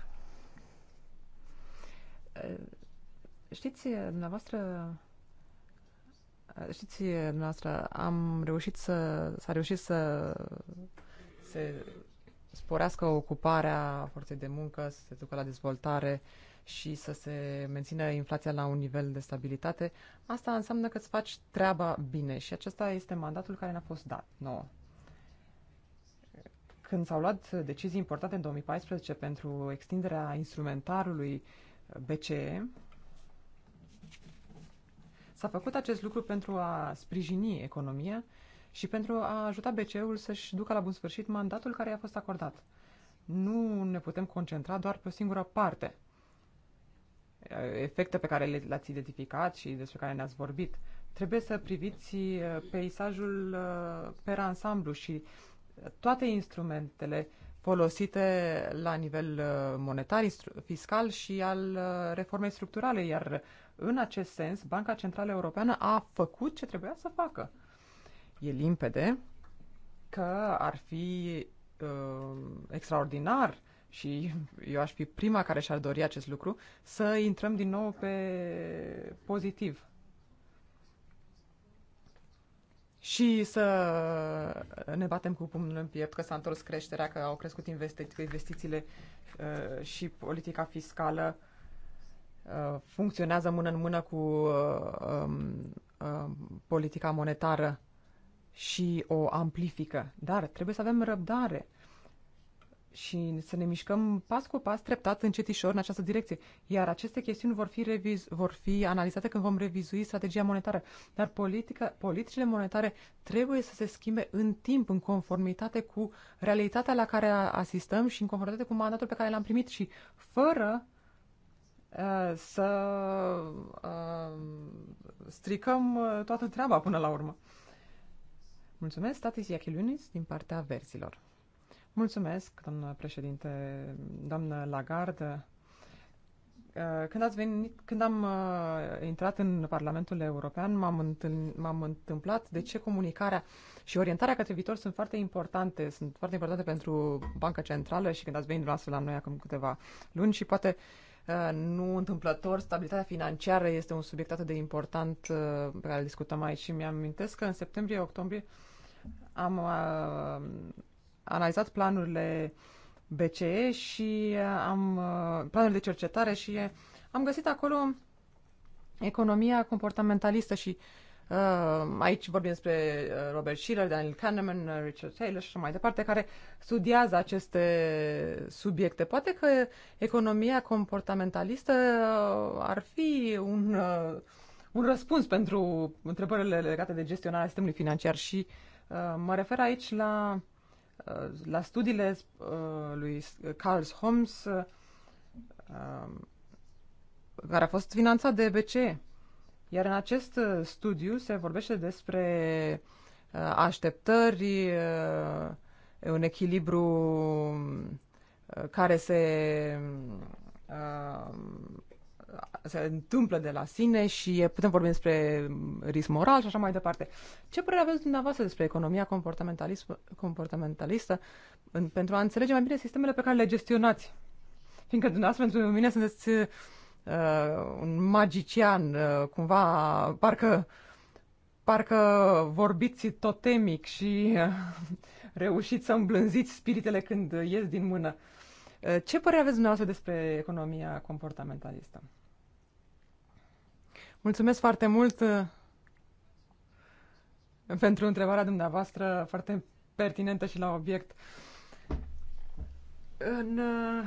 Eh, știți, eh, dumneavoastră, eh, știți, dumneavoastră, am reușit să, s-a reușit să se sporească ocuparea forței de muncă, să se ducă la dezvoltare și să se mențină inflația la un nivel de stabilitate, asta înseamnă că îți faci treaba bine și acesta este mandatul care ne-a fost dat nouă. Când s-au luat decizii importante în 2014 pentru extinderea instrumentarului BCE, s-a făcut acest lucru pentru a sprijini economia și pentru a ajuta BCE-ul să-și ducă la bun sfârșit mandatul care i-a fost acordat. Nu ne putem concentra doar pe o singură parte. Efecte pe care le-ați identificat și despre care ne-ați vorbit. Trebuie să priviți uh, peisajul uh, pe ansamblu și toate instrumentele folosite la nivel uh, monetar, fiscal și al uh, reformei structurale, iar în acest sens, Banca Centrală Europeană a făcut ce trebuia să facă. E limpede că ar fi uh, extraordinar și eu aș fi prima care și-ar dori acest lucru, să intrăm din nou pe pozitiv. și să ne batem cu pumnul în piept că s-a întors creșterea, că au crescut investi investițiile uh, și politica fiscală uh, funcționează mână în mână cu uh, um, politica monetară și o amplifică. Dar trebuie să avem răbdare și să ne mișcăm pas cu pas, treptat, încetișor în această direcție. Iar aceste chestiuni vor fi, reviz, vor fi analizate când vom revizui strategia monetară. Dar politica, politicile monetare trebuie să se schimbe în timp, în conformitate cu realitatea la care asistăm și în conformitate cu mandatul pe care l-am primit și fără uh, să uh, stricăm uh, toată treaba până la urmă. Mulțumesc, Tatis Iachilunis, din partea versilor. Mulțumesc, doamnă președinte, doamnă Lagarde. Uh, când, ați venit, când am uh, intrat în Parlamentul European, m-am, întâln, m-am întâmplat de ce comunicarea și orientarea către viitor sunt foarte importante, sunt foarte importante pentru Banca Centrală și când ați venit dumneavoastră la noi acum câteva luni și poate uh, nu întâmplător, stabilitatea financiară este un subiect atât de important pe care îl discutăm aici și mi-am amintesc că în septembrie-octombrie am analizat planurile BCE și uh, am uh, planurile de cercetare și uh, am găsit acolo economia comportamentalistă și uh, aici vorbim despre Robert Schiller, Daniel Kahneman, Richard Taylor și așa mai departe, care studiază aceste subiecte. Poate că economia comportamentalistă ar fi un, uh, un răspuns pentru întrebările legate de gestionarea sistemului financiar și uh, mă refer aici la Uh, la studiile uh, lui Carl Holmes, uh, um, care a fost finanțat de BCE. Iar în acest studiu se vorbește despre așteptări, un echilibru care se se întâmplă de la sine și putem vorbi despre risc moral și așa mai departe. Ce părere aveți dumneavoastră despre economia comportamentalistă, comportamentalistă în, pentru a înțelege mai bine sistemele pe care le gestionați? Fiindcă dumneavoastră pentru mine sunteți uh, un magician, uh, cumva, parcă, parcă vorbiți totemic și uh, reușiți să îmblânziți spiritele când ies din mână. Uh, ce părere aveți dumneavoastră despre economia comportamentalistă? Mulțumesc foarte mult uh, pentru întrebarea dumneavoastră, foarte pertinentă și la obiect. În uh,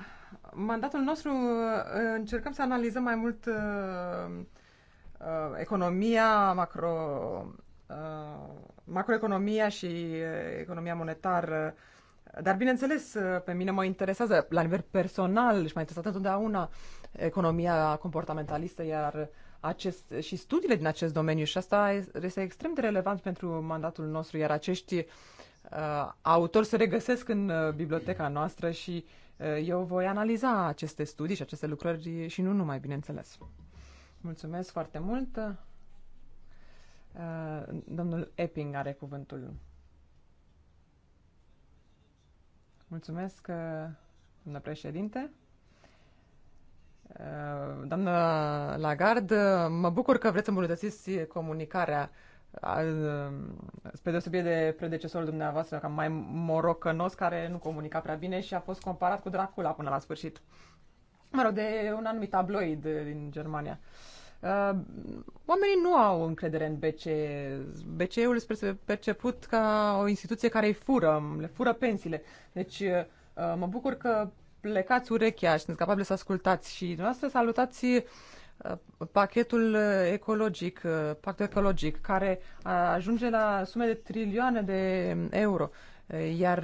mandatul nostru uh, încercăm să analizăm mai mult economia, macro, macroeconomia și economia monetară. Dar, bineînțeles, pe mine mă interesează, la nivel personal, și m-a interesat întotdeauna economia comportamentalistă, iar uh, acest, și studiile din acest domeniu și asta este extrem de relevant pentru mandatul nostru, iar acești uh, autori se regăsesc în uh, biblioteca noastră și uh, eu voi analiza aceste studii și aceste lucrări și nu numai, bineînțeles. Mulțumesc foarte mult. Uh, domnul Epping are cuvântul. Mulțumesc, uh, domnule președinte. Uh, Doamna Lagard, mă bucur că vreți să îmbunătățiți comunicarea uh, spre deosebire de predecesorul dumneavoastră, cam mai morocănos, care nu comunica prea bine și a fost comparat cu Dracula până la sfârșit. Mă rog, de un anumit tabloid din Germania. Uh, oamenii nu au încredere în BCE. BCE-ul este perceput ca o instituție care îi fură, le fură pensiile. Deci mă bucur că plecați urechea și sunteți capabili să ascultați și noastră salutați uh, pachetul uh, ecologic, uh, pactul ecologic, care ajunge la sume de trilioane de euro, iar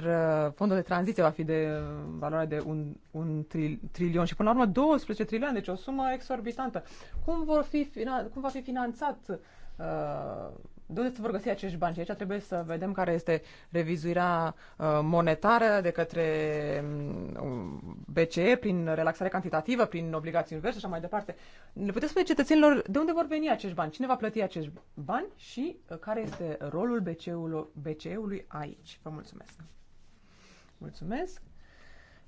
fondul de tranziție va fi de valoare de un, un tri, trilion și până la urmă 12 trilioane, deci o sumă exorbitantă. Cum, vor fi, cum va fi finanțat uh, de unde se vor găsi acești bani? Și aici trebuie să vedem care este revizuirea uh, monetară de către um, BCE prin relaxare cantitativă, prin obligații verzi și așa mai departe. Ne puteți spune cetățenilor de unde vor veni acești bani? Cine va plăti acești bani și uh, care este rolul BCE-ului BCE aici? Vă mulțumesc! Mulțumesc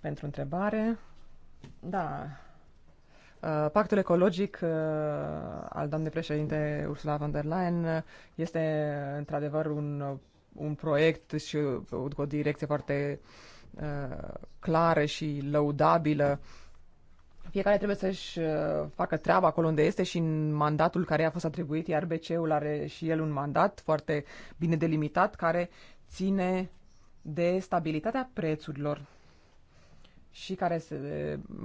pentru întrebare. Da, Uh, pactul ecologic uh, al doamnei președinte Ursula von der Leyen uh, este într-adevăr un, un proiect și o, o direcție foarte clară și lăudabilă. Fiecare trebuie să-și facă treaba acolo unde este și în mandatul care i-a fost atribuit, iar BC-ul are și el un mandat foarte bine delimitat care ține de stabilitatea prețurilor și care, se,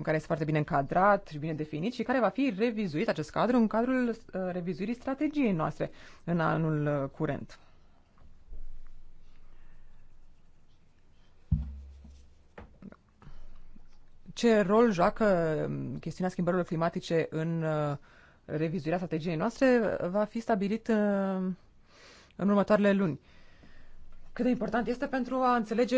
care este foarte bine încadrat și bine definit și care va fi revizuit acest cadru în cadrul uh, revizuirii strategiei noastre în anul uh, curent. Ce rol joacă um, chestiunea schimbărilor climatice în uh, revizuirea strategiei noastre va fi stabilit în următoarele luni cât de important este pentru a înțelege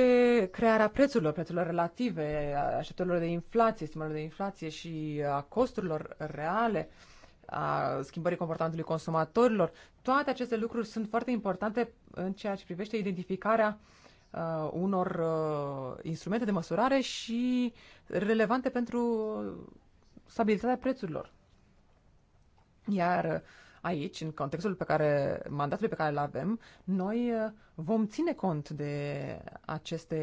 crearea prețurilor, prețurilor relative, așteptărilor de inflație, estimărilor de inflație și a costurilor reale, a schimbării comportamentului consumatorilor. Toate aceste lucruri sunt foarte importante în ceea ce privește identificarea uh, unor uh, instrumente de măsurare și relevante pentru stabilitatea prețurilor. Iar Aici, în contextul pe care, mandatul pe care îl avem, noi uh, vom ține cont de aceste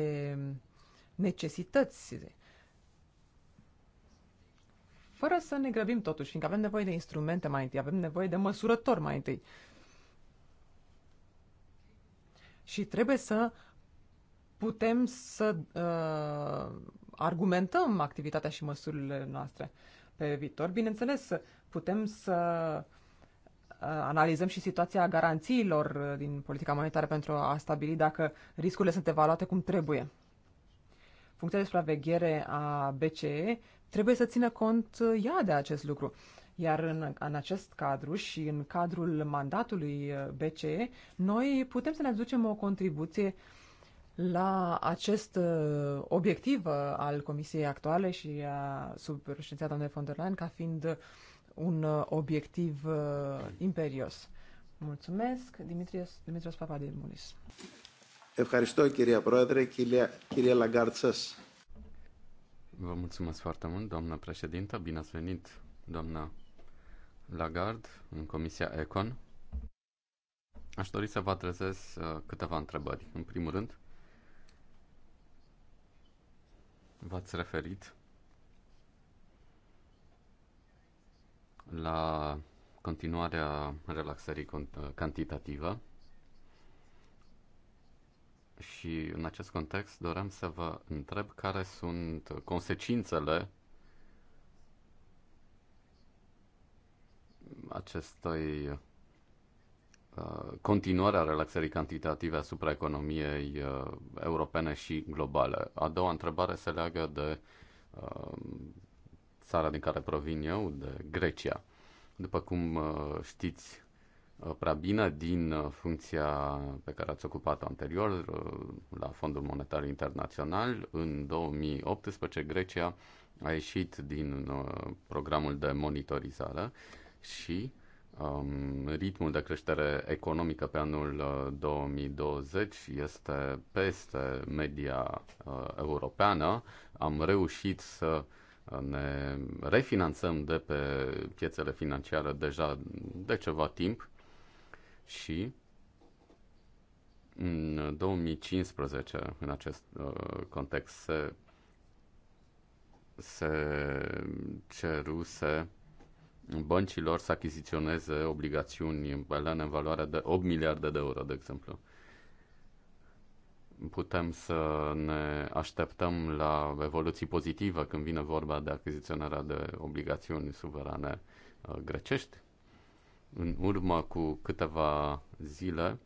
necesități, fără să ne grăbim totuși, fiindcă avem nevoie de instrumente mai întâi, avem nevoie de măsurători mai întâi. Și trebuie să putem să uh, argumentăm activitatea și măsurile noastre pe viitor. Bineînțeles, putem să Uh, analizăm și situația garanțiilor uh, din politica monetară pentru a stabili dacă riscurile sunt evaluate cum trebuie. Funcția de supraveghere a BCE trebuie să țină cont uh, ea de acest lucru. Iar în, în acest cadru și în cadrul mandatului BCE, noi putem să ne aducem o contribuție la acest obiectiv al Comisiei actuale și a, sub președinția doamnei von der Leyen ca fiind uh, un uh, obiectiv uh, imperios. Mulțumesc, Dimitrios, Dimitrios Papadimulis. Ευχαριστώ κυρία Πρόεδρε, κυρία, κυρία Λαγκάρτσας. Vă mulțumesc foarte mult, doamna președintă. Bine ați venit, doamna Lagard, în Comisia Econ. Aș dori să vă adresez uh, câteva întrebări. În primul rând, v-ați referit la continuarea relaxării cantitative și în acest context doream să vă întreb care sunt consecințele acestei uh, continuarea relaxării cantitative asupra economiei uh, europene și globale. A doua întrebare se leagă de uh, țara din care provin eu, de Grecia. După cum uh, știți uh, prea bine, din uh, funcția pe care ați ocupat-o anterior la Fondul Monetar Internațional, în 2018 Grecia a ieșit din programul de monitorizare și um, ritmul de creștere economică pe anul 2020 este peste media uh, europeană. Am reușit să ne refinanțăm de pe piețele financiare deja de ceva timp și în 2015, în acest uh, context, se, se ceruse băncilor să achiziționeze obligațiuni în valoare de 8 miliarde de euro, de exemplu putem să ne așteptăm la evoluții pozitive când vine vorba de achiziționarea de obligațiuni suverane uh, grecești. În urmă cu câteva zile,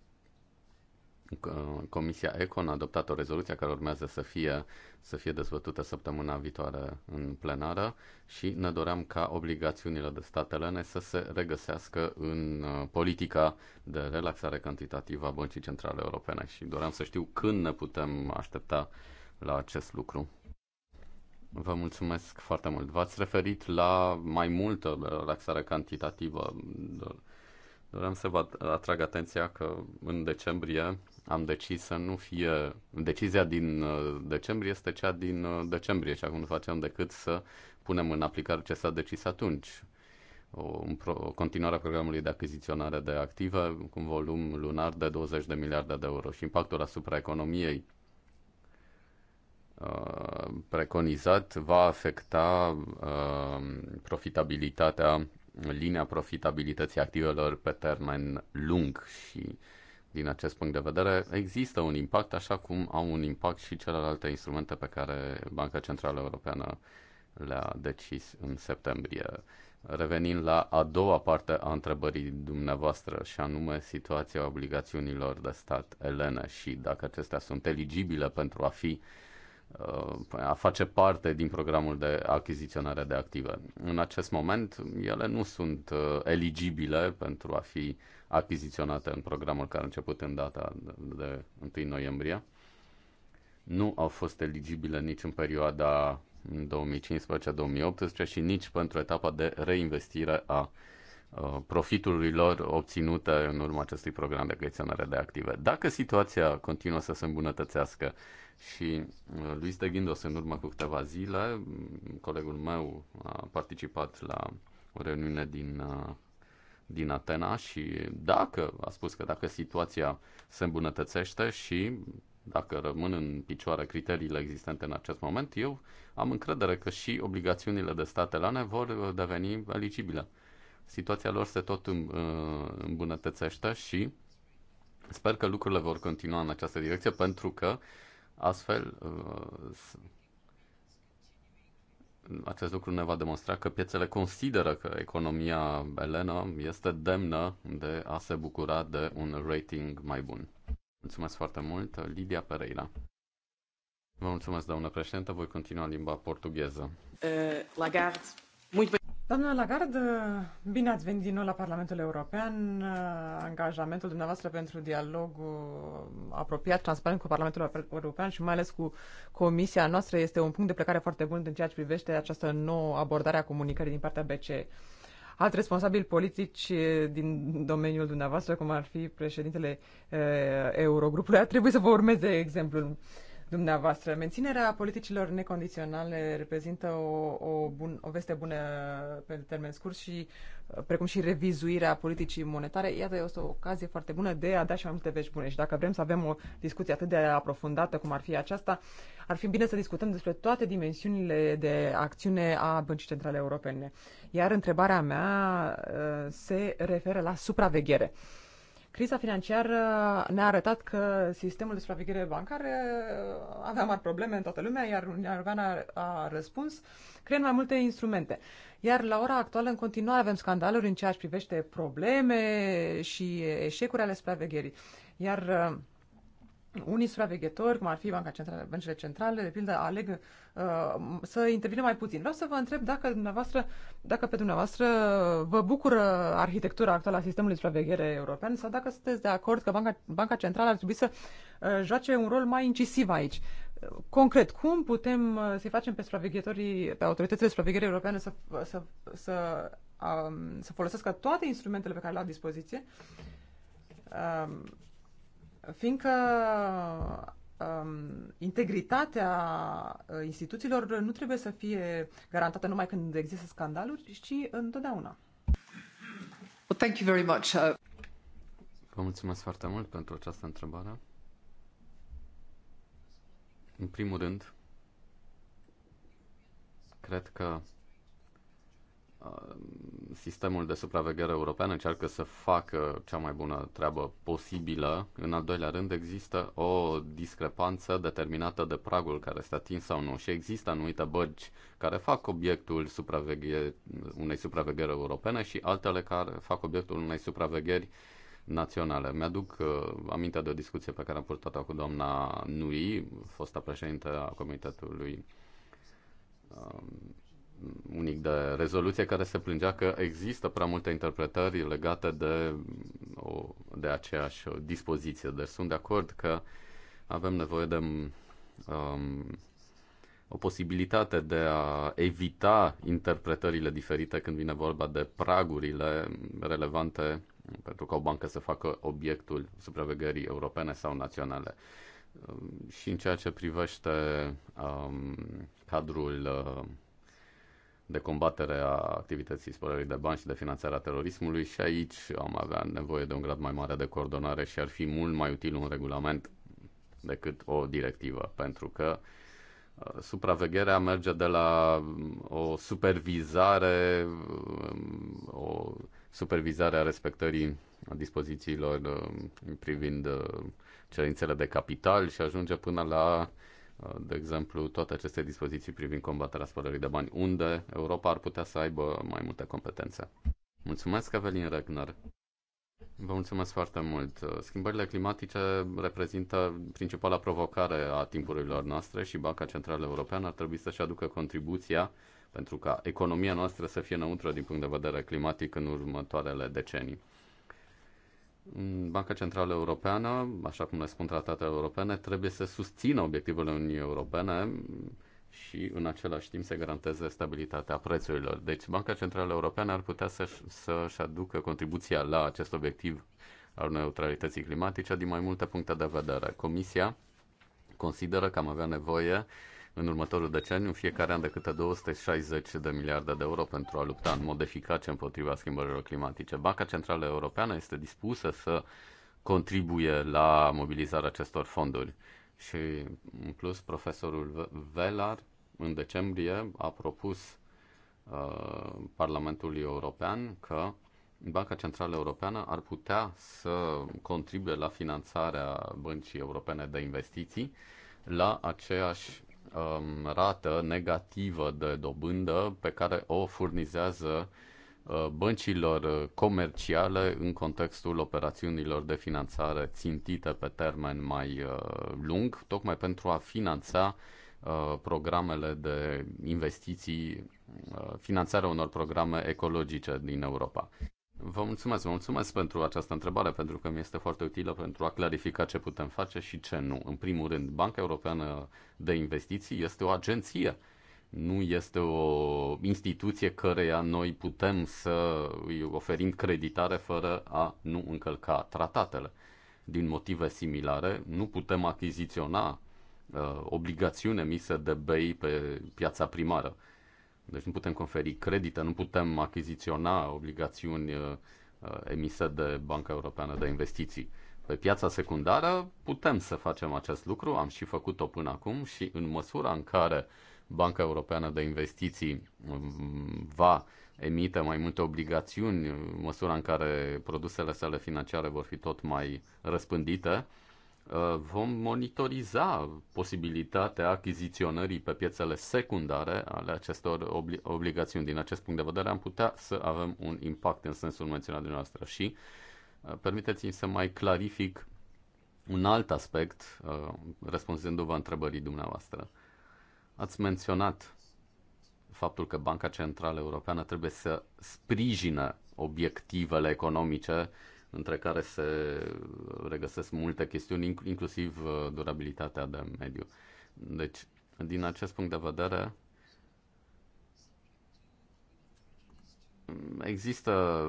Comisia Econ a adoptat o rezoluție care urmează să fie, să fie dezbătută săptămâna viitoare în plenară și ne doream ca obligațiunile de statele să se regăsească în uh, politica de relaxare cantitativă a Băncii Centrale Europene și doream să știu când ne putem aștepta la acest lucru. Vă mulțumesc foarte mult. V-ați referit la mai multă relaxare cantitativă. Doream să vă atrag atenția că în decembrie am decis să nu fie... Decizia din uh, decembrie este cea din uh, decembrie și acum nu facem decât să punem în aplicare ce s-a decis atunci. O, pro, o continuare a programului de achiziționare de active cu un volum lunar de 20 de miliarde de euro și impactul asupra economiei uh, preconizat va afecta uh, profitabilitatea, linia profitabilității activelor pe termen lung și uh, din acest punct de vedere, există un impact, așa cum au un impact și celelalte instrumente pe care Banca Centrală Europeană le-a decis în septembrie. Revenind la a doua parte a întrebării dumneavoastră, și anume situația obligațiunilor de stat elene și dacă acestea sunt eligibile pentru a fi uh, a face parte din programul de achiziționare de active. În acest moment, ele nu sunt uh, eligibile pentru a fi achiziționate în programul care a început în data de 1 noiembrie nu au fost eligibile nici în perioada 2015-2018 și nici pentru etapa de reinvestire a uh, profitului lor obținute în urma acestui program de creționare de active. Dacă situația continuă să se îmbunătățească și uh, Luis de Ghindos în urmă cu câteva zile, colegul meu a participat la o reuniune din uh, din Atena și dacă, a spus că dacă situația se îmbunătățește și dacă rămân în picioare criteriile existente în acest moment, eu am încredere că și obligațiunile de statelane vor deveni eligibile. Situația lor se tot uh, îmbunătățește și sper că lucrurile vor continua în această direcție pentru că astfel uh, acest lucru ne va demonstra că piețele consideră că economia elena este demnă de a se bucura de un rating mai bun. Mulțumesc foarte mult, Lidia Pereira. Vă mulțumesc, doamnă președintă, voi continua limba portugheză. Uh, eh, Lagarde, mult. Doamna Lagarde, bine ați venit din nou la Parlamentul European. Angajamentul dumneavoastră pentru dialogul apropiat, transparent cu Parlamentul European și mai ales cu comisia noastră este un punct de plecare foarte bun în ceea ce privește această nouă abordare a comunicării din partea BCE. Alți responsabili politici din domeniul dumneavoastră, cum ar fi președintele eh, Eurogrupului, ar trebui să vă urmeze exemplul dumneavoastră. Menținerea politicilor necondiționale reprezintă o, o, bun, o veste bună pe termen scurt și uh, precum și revizuirea politicii monetare. Iată, este o ocazie foarte bună de a da și mai multe vești bune. Și dacă vrem să avem o discuție atât de aprofundată cum ar fi aceasta, ar fi bine să discutăm despre toate dimensiunile de acțiune a Băncii Centrale Europene. Iar întrebarea mea uh, se referă la supraveghere. Criza financiară ne-a arătat că sistemul de supraveghere bancare avea mari probleme în toată lumea, iar Uniunea Europeană a, a răspuns creând mai multe instrumente. Iar la ora actuală, în continuare, avem scandaluri în ceea ce privește probleme și eșecuri ale supravegherii. Iar uh, unii supraveghetori, cum ar fi Banca Centrală, băncile centrale, de pildă, aleg uh, să intervină mai puțin. Vreau să vă întreb dacă, dumneavoastră, dacă pe dumneavoastră vă bucură arhitectura actuală a sistemului de supraveghere european sau dacă sunteți de acord că Banca, Banca Centrală ar trebui să uh, joace un rol mai incisiv aici. Concret, cum putem uh, să-i facem pe supraveghetorii, pe autoritățile de supraveghere europeană să, să, să, um, să folosească toate instrumentele pe care le au la dispoziție? Um, fiindcă um, integritatea uh, instituțiilor nu trebuie să fie garantată numai când există scandaluri, ci întotdeauna. Well, thank you very much. Uh, Vă mulțumesc foarte mult pentru această întrebare. În primul rând, cred că uh, sistemul de supraveghere european încearcă să facă cea mai bună treabă posibilă. În al doilea rând, există o discrepanță determinată de pragul care este atins sau nu și există anumite bărci care fac obiectul unei supravegheri europene și altele care fac obiectul unei supravegheri naționale. Mi-aduc uh, aminte de o discuție pe care am purtat-o cu doamna Nui, fosta președinte a Comitetului uh, unic de rezoluție care se plângea că există prea multe interpretări legate de, o, de aceeași dispoziție. Deci sunt de acord că avem nevoie de um, o posibilitate de a evita interpretările diferite când vine vorba de pragurile relevante pentru că o bancă să facă obiectul supravegării europene sau naționale. Um, și în ceea ce privește um, cadrul uh, de combatere a activității spălării de bani și de finanțarea terorismului și aici am avea nevoie de un grad mai mare de coordonare și ar fi mult mai util un regulament decât o directivă, pentru că uh, supravegherea merge de la um, o supervizare, um, o supervizare a respectării a dispozițiilor um, privind uh, cerințele de capital și ajunge până la Uh, de exemplu, toate aceste dispoziții privind combaterea spălării de bani, unde Europa ar putea să aibă mai multe competențe. Mulțumesc, Evelin Regner! Vă mulțumesc foarte mult. Uh, schimbările climatice reprezintă principala provocare a timpurilor noastre și Banca Centrală Europeană ar trebui să-și aducă contribuția pentru ca economia noastră să fie neutră din punct de vedere climatic în următoarele decenii. Banca Centrală Europeană, așa cum le spun tratatele europene, trebuie să susțină obiectivele Uniunii Europene și în același timp să garanteze stabilitatea prețurilor. Deci Banca Centrală Europeană ar putea să-și, să aducă contribuția la acest obiectiv al neutralității climatice din mai multe puncte de vedere. Comisia consideră că am avea nevoie în următorul deceniu, fiecare an de câte 260 de miliarde de euro pentru a lupta în mod eficace împotriva schimbărilor climatice. Banca Centrală Europeană este dispusă să contribuie la mobilizarea acestor fonduri. Și, în plus, profesorul Velar, în decembrie, a propus uh, Parlamentului European că Banca Centrală Europeană ar putea să contribuie la finanțarea Băncii Europene de Investiții la aceeași um, rată negativă de dobândă pe care o furnizează uh, băncilor comerciale în contextul operațiunilor de finanțare țintite pe termen mai uh, lung, tocmai pentru a finanța uh, programele de investiții, uh, finanțarea unor programe ecologice din Europa. Vă mulțumesc, vă mulțumesc pentru această întrebare, pentru că mi este foarte utilă pentru a clarifica ce putem face și ce nu. În primul rând, Banca Europeană de Investiții este o agenție, nu este o instituție căreia noi putem să îi oferim creditare fără a nu încălca tratatele. Din motive similare, nu putem achiziționa uh, obligațiuni emise de BEI pe piața primară. Deci nu putem conferi credite, nu putem achiziționa obligațiuni uh, uh, emise de Banca Europeană de Investiții. Pe piața secundară putem să facem acest lucru, am și făcut-o până acum și în măsura în care Banca Europeană de Investiții mm, va emite mai multe obligațiuni, în măsura în care produsele sale financiare vor fi tot mai răspândite, Uh, vom monitoriza posibilitatea achiziționării pe piețele secundare ale acestor obligațiuni. Din acest punct de vedere am putea să avem un impact în sensul menționat de noastră și uh, permiteți-mi să mai clarific un alt aspect uh, răspunzându-vă întrebării dumneavoastră. Ați menționat faptul că Banca Centrală Europeană trebuie să sprijină obiectivele economice uh, între care se regăsesc multe chestiuni, inclusiv uh, durabilitatea de mediu. Deci, din acest punct de vedere, există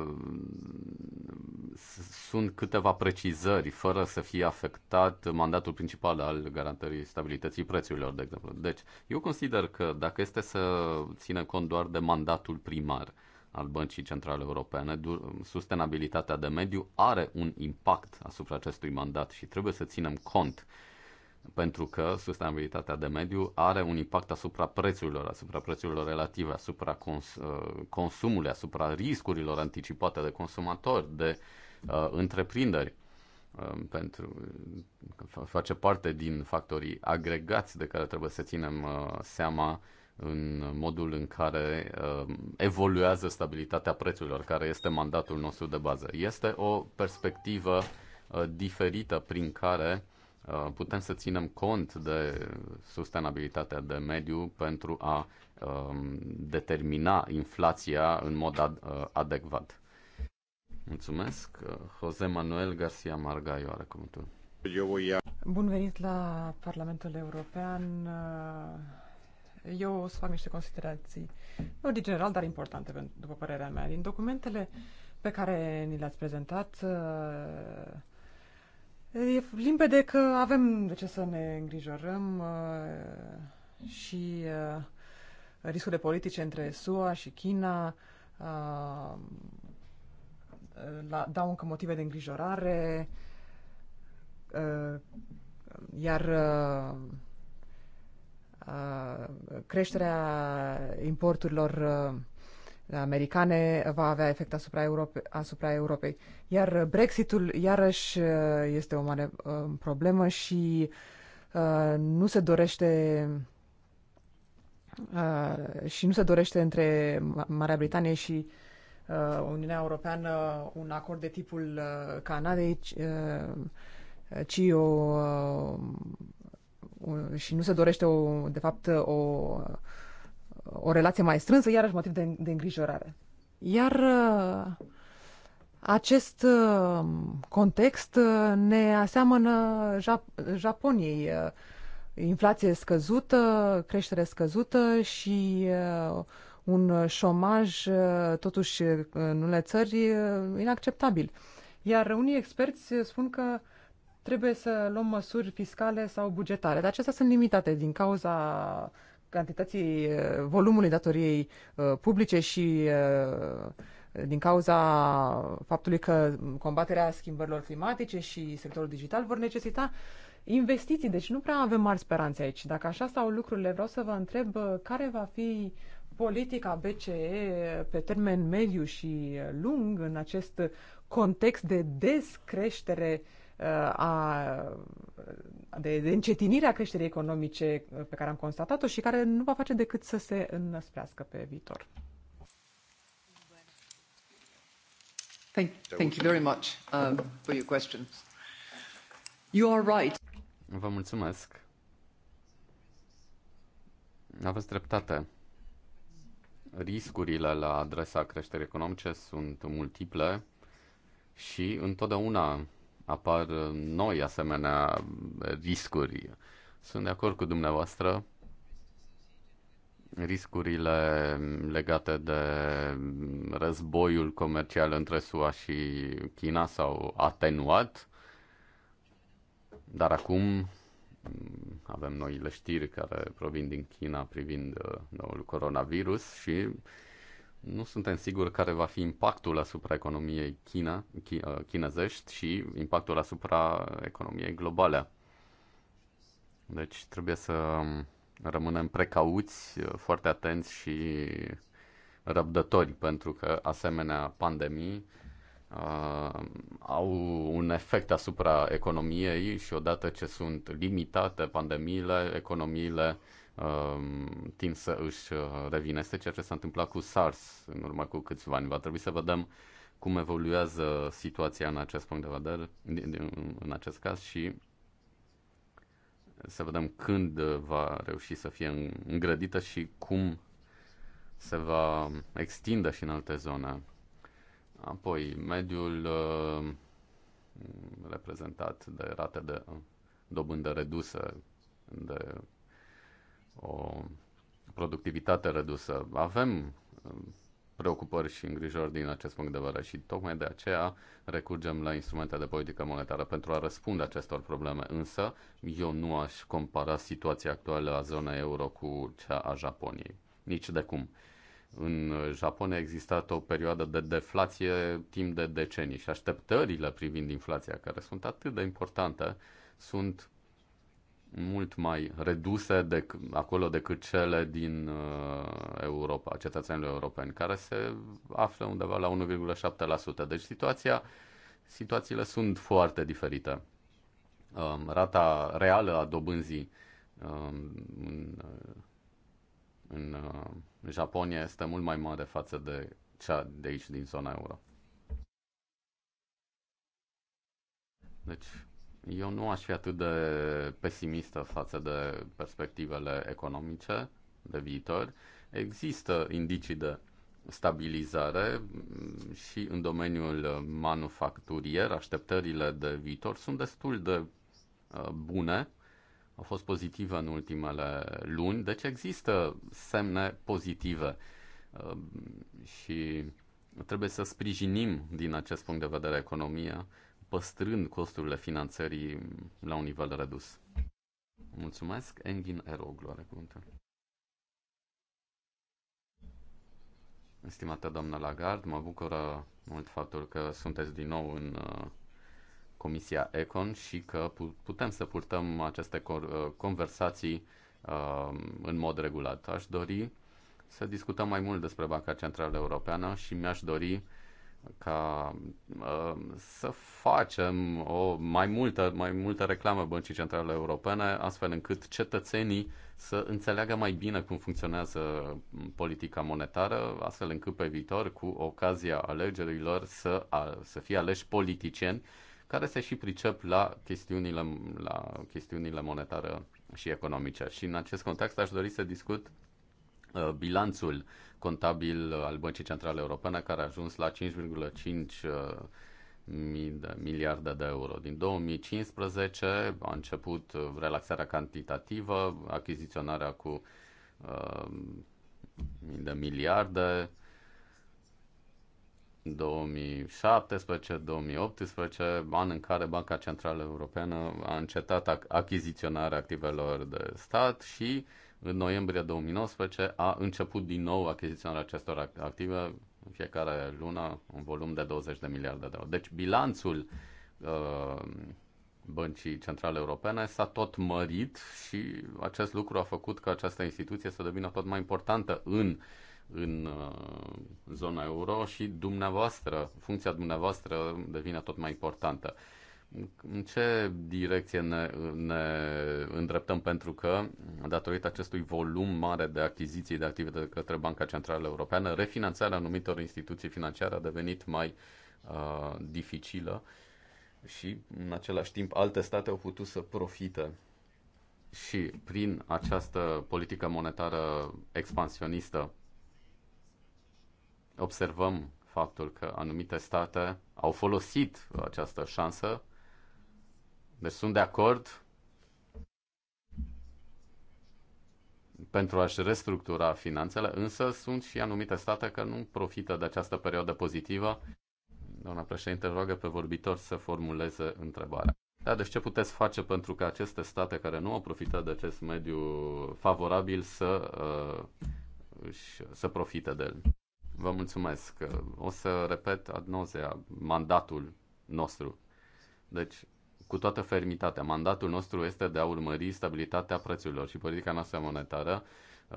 sunt câteva precizări fără să fie afectat mandatul principal al garantării stabilității prețurilor, de exemplu. Deci, eu consider că dacă este să ține cont doar de mandatul primar, al Băncii Centrale Europene, sustenabilitatea de mediu are un impact asupra acestui mandat și trebuie să ținem cont pentru că sustenabilitatea de mediu are un impact asupra prețurilor, asupra prețurilor relative, asupra cons- uh, consumului, asupra riscurilor anticipate de consumatori, de uh, întreprinderi um, pentru face parte din factorii agregați de care trebuie să ținem uh, seama în modul în care um, evoluează stabilitatea prețurilor, care este mandatul nostru de bază. Este o perspectivă uh, diferită prin care uh, putem să ținem cont de sustenabilitatea de mediu pentru a um, determina inflația în mod uh, adecvat. Mulțumesc. Jose Manuel Garcia Margaio are cuvântul. Bun venit la Parlamentul European. Eu o să fac niște considerații, nu de general, dar importante, după părerea mea. Din documentele pe care ni le-ați prezentat, uh, e limpede că avem de ce să ne îngrijorăm uh, și uh, riscurile politice între SUA și China dau încă motive de îngrijorare, iar Uh, creșterea importurilor uh, americane va avea efect asupra, Europe, asupra Europei. Iar Brexitul iarăși uh, este o mare problemă și nu se dorește și nu se dorește între Marea Britanie și Uniunea Europeană un acord de tipul Canadei, ci o Uh, și nu se dorește, o, de fapt, o, o relație mai strânsă, iarăși motiv de, de îngrijorare. Iar uh, acest uh, context ne aseamănă Jap- Japoniei. Inflație scăzută, creștere scăzută și un șomaj, totuși, în unele țări, inacceptabil. Iar unii experți spun că uh, trebuie să luăm măsuri fiscale sau bugetare. Dar acestea sunt limitate din cauza cantității, eh, volumului datoriei eh, publice și eh, din cauza faptului că combaterea schimbărilor climatice și sectorul digital vor necesita investiții, deci nu prea avem mari speranțe aici. Dacă așa stau lucrurile, vreau să vă întreb care va fi politica BCE pe termen mediu și lung în acest context de descreștere uh, a, de, de încetinirea creșterii economice uh, pe care am constatat-o și care nu va face decât să se înnăsprească pe viitor. Thank, thank you very much um, for your questions. You are right. Vă mulțumesc. Aveți dreptate. Riscurile la adresa creșterii economice sunt multiple și întotdeauna apar noi asemenea riscuri. Sunt de acord cu dumneavoastră. Riscurile legate de războiul comercial între SUA și China s-au atenuat, dar acum avem noile știri care provin din China privind uh, noul coronavirus și nu suntem siguri care va fi impactul asupra economiei China, uh, chinezești și impactul asupra economiei globale. Deci trebuie să um, rămânem precauți, uh, foarte atenți și răbdători, pentru că asemenea pandemii uh, au un efect asupra economiei și odată ce sunt limitate pandemiile, economiile uh, Um, timp să își uh, revină. Este ceea ce s-a întâmplat cu SARS în urmă cu câțiva ani. Va trebui să vedem cum evoluează situația în acest punct de vedere, în acest caz și să vedem când uh, va reuși să fie îngrădită și cum se va extinde și în alte zone. Apoi, mediul uh, reprezentat de rate de dobândă redusă de o productivitate redusă. Avem um, preocupări și îngrijori din acest punct de vedere și tocmai de aceea recurgem la instrumente de politică monetară pentru a răspunde acestor probleme. Însă eu nu aș compara situația actuală a zonei euro cu cea a Japoniei. Nici de cum. În Japonia a existat o perioadă de deflație timp de decenii și așteptările privind inflația, care sunt atât de importante, sunt mult mai reduse de, acolo decât cele din uh, Europa, cetățenilor europeni, care se află undeva la 1,7%. Deci situația, situațiile sunt foarte diferite. Um, rata reală a dobânzii um, în, uh, în uh, Japonia este mult mai mare față de cea de aici, din zona euro. Deci, eu nu aș fi atât de pesimistă față de perspectivele economice de viitor. Există indicii de stabilizare și în domeniul manufacturier așteptările de viitor sunt destul de uh, bune, au fost pozitive în ultimele luni, deci există semne pozitive uh, și trebuie să sprijinim din acest punct de vedere economia păstrând costurile finanțării la un nivel redus. Mulțumesc, Engin Eroglu are cuvântul. Stimată doamnă Lagarde, mă bucură mult faptul că sunteți din nou în uh, Comisia Econ și că putem să purtăm aceste uh, conversații uh, în mod regulat. Aș dori să discutăm mai mult despre Banca Centrală Europeană și mi-aș dori ca uh, să facem o mai multă, mai multă reclamă Băncii Centrale Europene, astfel încât cetățenii să înțeleagă mai bine cum funcționează politica monetară, astfel încât pe viitor, cu ocazia alegerilor, să, a, să fie aleși politicieni care se și pricep la chestiunile, la chestiunile monetare și economice. Și în acest context aș dori să discut uh, bilanțul contabil al Băncii Centrale Europene, care a ajuns la 5,5 uh, miliarde de euro. Din 2015 a început relaxarea cantitativă, achiziționarea cu uh, de miliarde, 2017-2018, an în care Banca Centrală Europeană a încetat achiziționarea activelor de stat și uh, în noiembrie 2019 a început din nou achiziționarea acestor active în fiecare lună un volum de 20 de miliarde de euro. Deci bilanțul uh, Băncii Centrale Europene s-a tot mărit și acest lucru a făcut ca această instituție să devină tot mai importantă în, în uh, zona euro și dumneavoastră, funcția dumneavoastră devine tot mai importantă. Uh, în ce direcție ne, ne îndreptăm? Pentru că, datorită acestui volum mare de achiziții de active de către Banca Centrală Europeană, refinanțarea anumitor instituții financiare a devenit mai uh, dificilă și, în același timp, alte state au putut să profite și prin această politică monetară expansionistă observăm faptul că anumite state au folosit această șansă deci sunt de acord pentru a-și restructura finanțele, însă sunt și anumite state care nu profită de această perioadă pozitivă. Doamna președinte, roagă pe vorbitor să formuleze întrebarea. Da, deci ce puteți face pentru ca aceste state care nu au profitat de acest mediu favorabil să, uh, să profite de el? Vă mulțumesc. O să repet ad mandatul nostru. Deci cu toată fermitatea. Mandatul nostru este de a urmări stabilitatea prețurilor și politica noastră monetară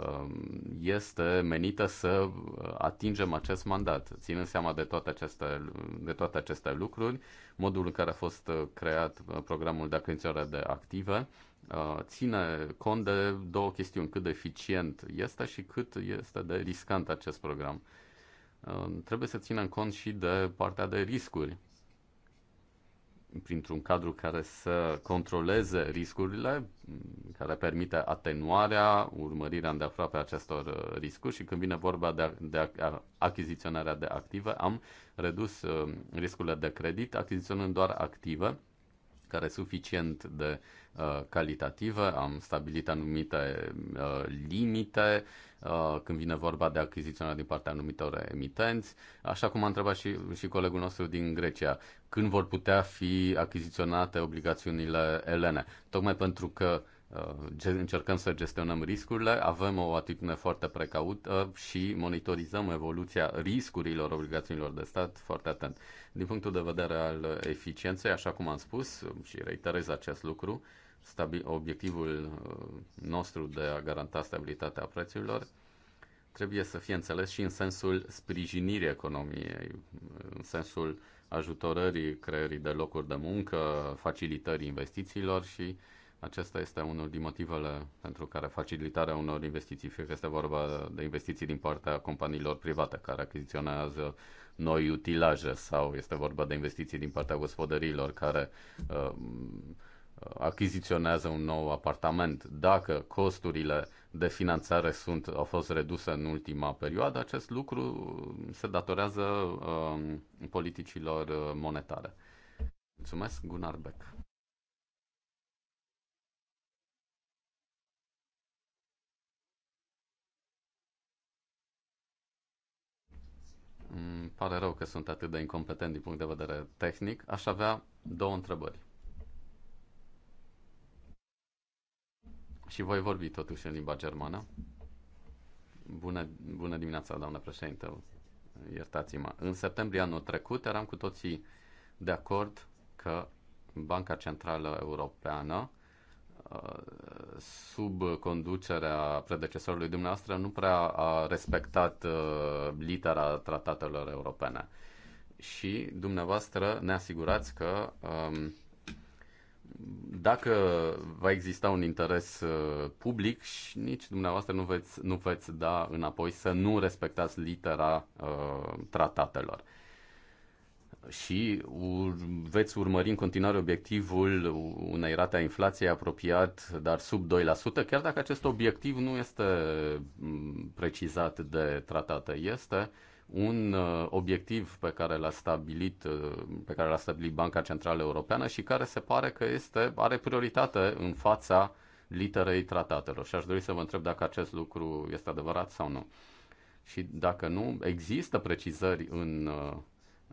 um, este menită să uh, atingem acest mandat, ținând seama de toate aceste, de toate aceste lucruri, modul în care a fost uh, creat uh, programul de achiziționare de active, ține cont de două chestiuni, cât de eficient este și cât este de riscant acest program. Um, trebuie să ținem cont și de partea de riscuri printr-un cadru care să controleze riscurile, care permite atenuarea, urmărirea îndeaproape a acestor uh, riscuri și când vine vorba de, de achiziționarea de active, am redus uh, riscurile de credit achiziționând doar active care suficient de Uh, calitative, am stabilit anumite uh, limite uh, când vine vorba de achiziționarea din partea anumitor emitenți, așa cum a întrebat și, și colegul nostru din Grecia, când vor putea fi achiziționate obligațiunile elene? Tocmai pentru că Uh, încercăm să gestionăm riscurile, avem o atitudine foarte precaută și monitorizăm evoluția riscurilor obligațiunilor de stat foarte atent. Din punctul de vedere al eficienței, așa cum am spus și reiterez acest lucru, obiectivul uh, nostru de a garanta stabilitatea prețurilor trebuie să fie înțeles și în sensul sprijinirii economiei, în sensul ajutorării creării de locuri de muncă, facilitării investițiilor și uh, acesta este unul din motivele pentru care facilitarea unor investiții, fie că este vorba de investiții din partea companiilor private care achiziționează noi utilaje sau este vorba de investiții din partea gospodăriilor care uh, achiziționează un nou apartament, dacă costurile de finanțare sunt, au fost reduse în ultima perioadă, acest lucru se datorează uh, politicilor monetare. Mulțumesc, Gunnar Beck. Îmi mm, pare rău că sunt atât de incompetent din punct de vedere tehnic. Aș avea două întrebări. Și voi vorbi totuși în limba germană. Bună, bună dimineața, doamnă președinte. Iertați-mă. În septembrie anul trecut eram cu toții de acord că Banca Centrală Europeană sub conducerea predecesorului dumneavoastră nu prea a respectat uh, litera tratatelor europene. Și dumneavoastră ne asigurați că um, dacă va exista un interes uh, public și nici dumneavoastră nu veți, nu veți da înapoi să nu respectați litera uh, tratatelor și ur- veți urmări în continuare obiectivul unei rate a inflației apropiat, dar sub 2%, chiar dacă acest obiectiv nu este mm, precizat de tratată. Este un uh, obiectiv pe care l-a stabilit, uh, pe care l-a stabilit Banca Centrală Europeană și care se pare că este, are prioritate în fața literei tratatelor. Și aș dori să vă întreb dacă acest lucru este adevărat sau nu. Și dacă nu, există precizări în uh,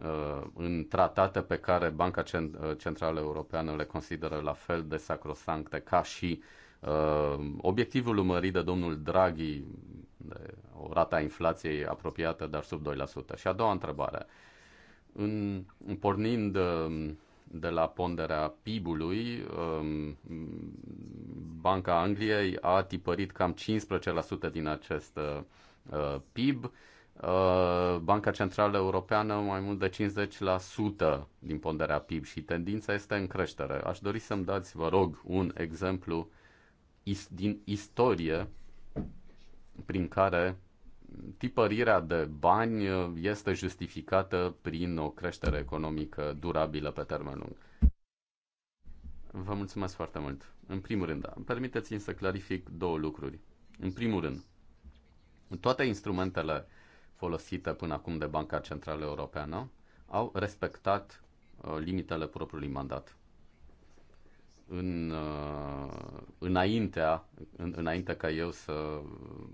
Uh, în tratate pe care Banca uh, Centrală Europeană le consideră la fel de sacrosancte ca și uh, obiectivul urmărit de domnul Draghi, de o rata inflației apropiată, dar sub 2%. Și a doua întrebare. În, pornind um, de la ponderea PIB-ului, um, Banca Angliei a tipărit cam 15% din acest PIB Uh, Banca Centrală Europeană mai mult de 50% din ponderea PIB și tendința este în creștere. Aș dori să-mi dați, vă rog, un exemplu din istorie prin care tipărirea de bani este justificată prin o creștere economică durabilă pe termen lung. Vă mulțumesc foarte mult. În primul rând, permiteți-mi să clarific două lucruri. În primul rând, toate instrumentele folosite până acum de Banca Centrală Europeană au respectat uh, limitele propriului mandat. În, uh, înaintea, în, înainte ca eu să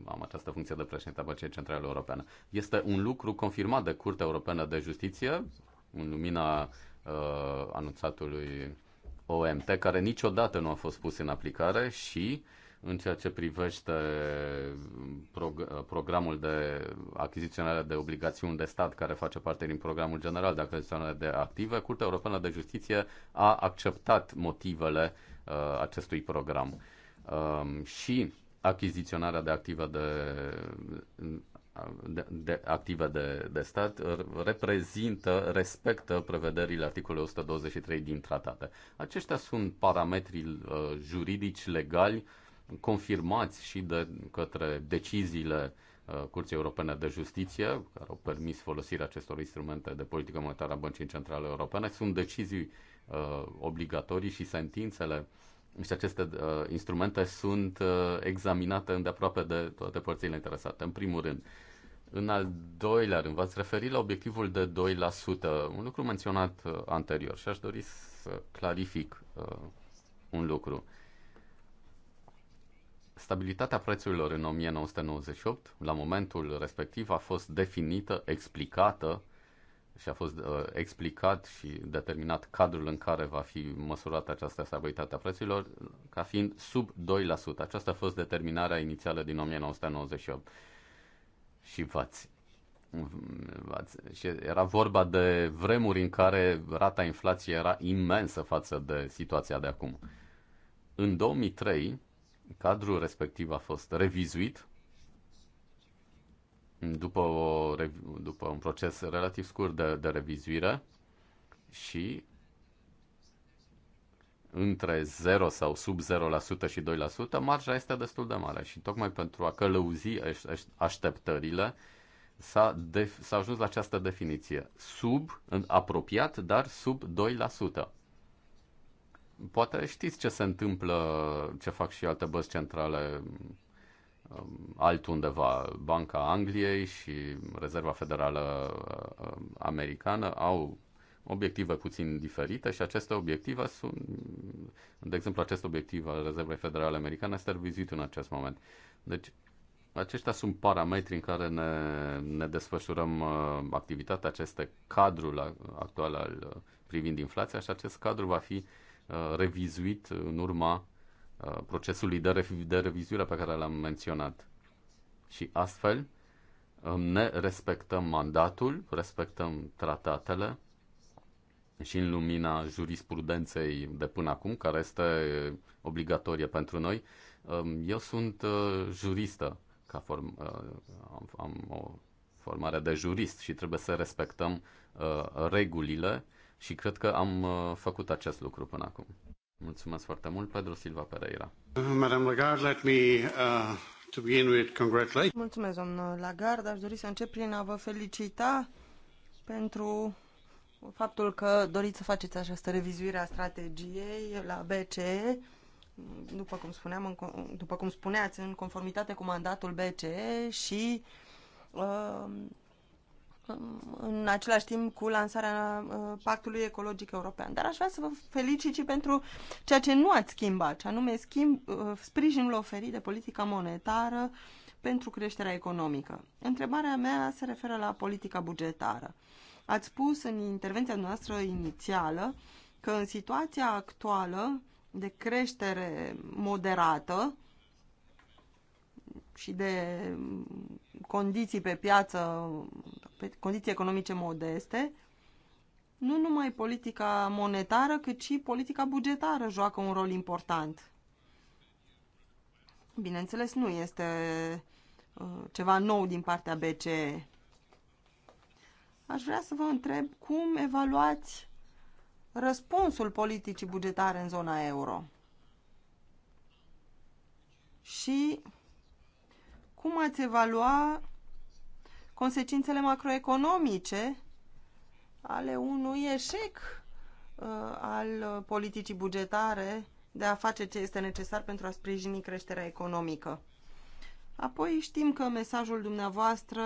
am această funcție de președinte a Băcei Centrale Europeană. Este un lucru confirmat de Curtea Europeană de Justiție, în lumina uh, anunțatului OMT, care niciodată nu a fost pus în aplicare și uh, în ceea ce privește prog- programul de achiziționare de obligațiuni de stat care face parte din programul general de achiziționare de active, Curtea Europeană de Justiție a acceptat motivele uh, acestui program. Um, și achiziționarea de active de, de, de active de, de stat reprezintă, respectă prevederile articolului 123 din tratate. Aceștia sunt parametrii uh, juridici legali confirmați și de către deciziile uh, Curții Europene de Justiție, care au permis folosirea acestor instrumente de politică monetară a Băncii Centrale Europene, sunt decizii uh, obligatorii și sentințele și aceste uh, instrumente sunt uh, examinate îndeaproape de toate părțile interesate. În primul rând, în al doilea rând, v-ați referit la obiectivul de 2%, un lucru menționat uh, anterior și aș dori să clarific uh, un lucru. Uh, Stabilitatea prețurilor în 1998, la momentul respectiv, a fost definită, explicată și a fost uh, explicat și determinat cadrul în care va fi măsurată această stabilitate a prețurilor ca fiind sub 2%. Aceasta a fost determinarea inițială din 1998. Și v-ați, v-ați, și era vorba de vremuri în care rata inflației era imensă față de situația de acum. În 2003, Cadrul respectiv a fost revizuit după, o, după un proces relativ scurt de, de revizuire și între 0 sau sub 0% și 2%, marja este destul de mare și tocmai pentru a călăuzi așteptările s-a, def- s-a ajuns la această definiție. Sub, apropiat, dar sub poate știți ce se întâmplă, ce fac și alte băzi centrale um, altundeva. Banca Angliei și Rezerva Federală uh, Americană au obiective puțin diferite și aceste obiective sunt, de exemplu, acest obiectiv al Rezervei Federale Americane este revizuit în acest moment. Deci, aceștia sunt parametri în care ne, ne desfășurăm uh, activitatea, aceste cadrul actual al, uh, privind inflația și acest cadru va fi uh, Uh, revizuit în urma uh, procesului de, de revizuire pe care l-am menționat. Și astfel um, ne respectăm mandatul, respectăm tratatele și în lumina jurisprudenței de până acum, care este obligatorie pentru noi. Um, eu sunt uh, juristă, ca form, am, am o formare de jurist și trebuie să respectăm regulile și cred că am uh, făcut acest lucru până acum. Mulțumesc foarte mult, Pedro Silva Pereira. Madam Lagarde, let me uh, to begin with congratulate. Mulțumesc, domnul Lagarde. Aș dori să încep prin a vă felicita pentru faptul că doriți să faceți această revizuire a strategiei la BCE, după cum, spuneam, în, după cum spuneați, în conformitate cu mandatul BCE și uh, Um, în același timp cu lansarea uh, Pactului Ecologic European. Dar aș vrea să vă felicit și pentru ceea ce nu ați schimbat, ce anume schimb, uh, sprijinul oferit de politica monetară pentru creșterea economică. Întrebarea mea se referă la politica bugetară. Ați spus în intervenția noastră inițială că în situația actuală de creștere moderată și de condiții pe piață pe condiții economice modeste, nu numai politica monetară, cât și politica bugetară joacă un rol important. Bineînțeles, nu este uh, ceva nou din partea BCE. Aș vrea să vă întreb cum evaluați răspunsul politicii bugetare în zona euro și cum ați evalua consecințele macroeconomice ale unui eșec uh, al politicii bugetare de a face ce este necesar pentru a sprijini creșterea economică. Apoi știm că mesajul dumneavoastră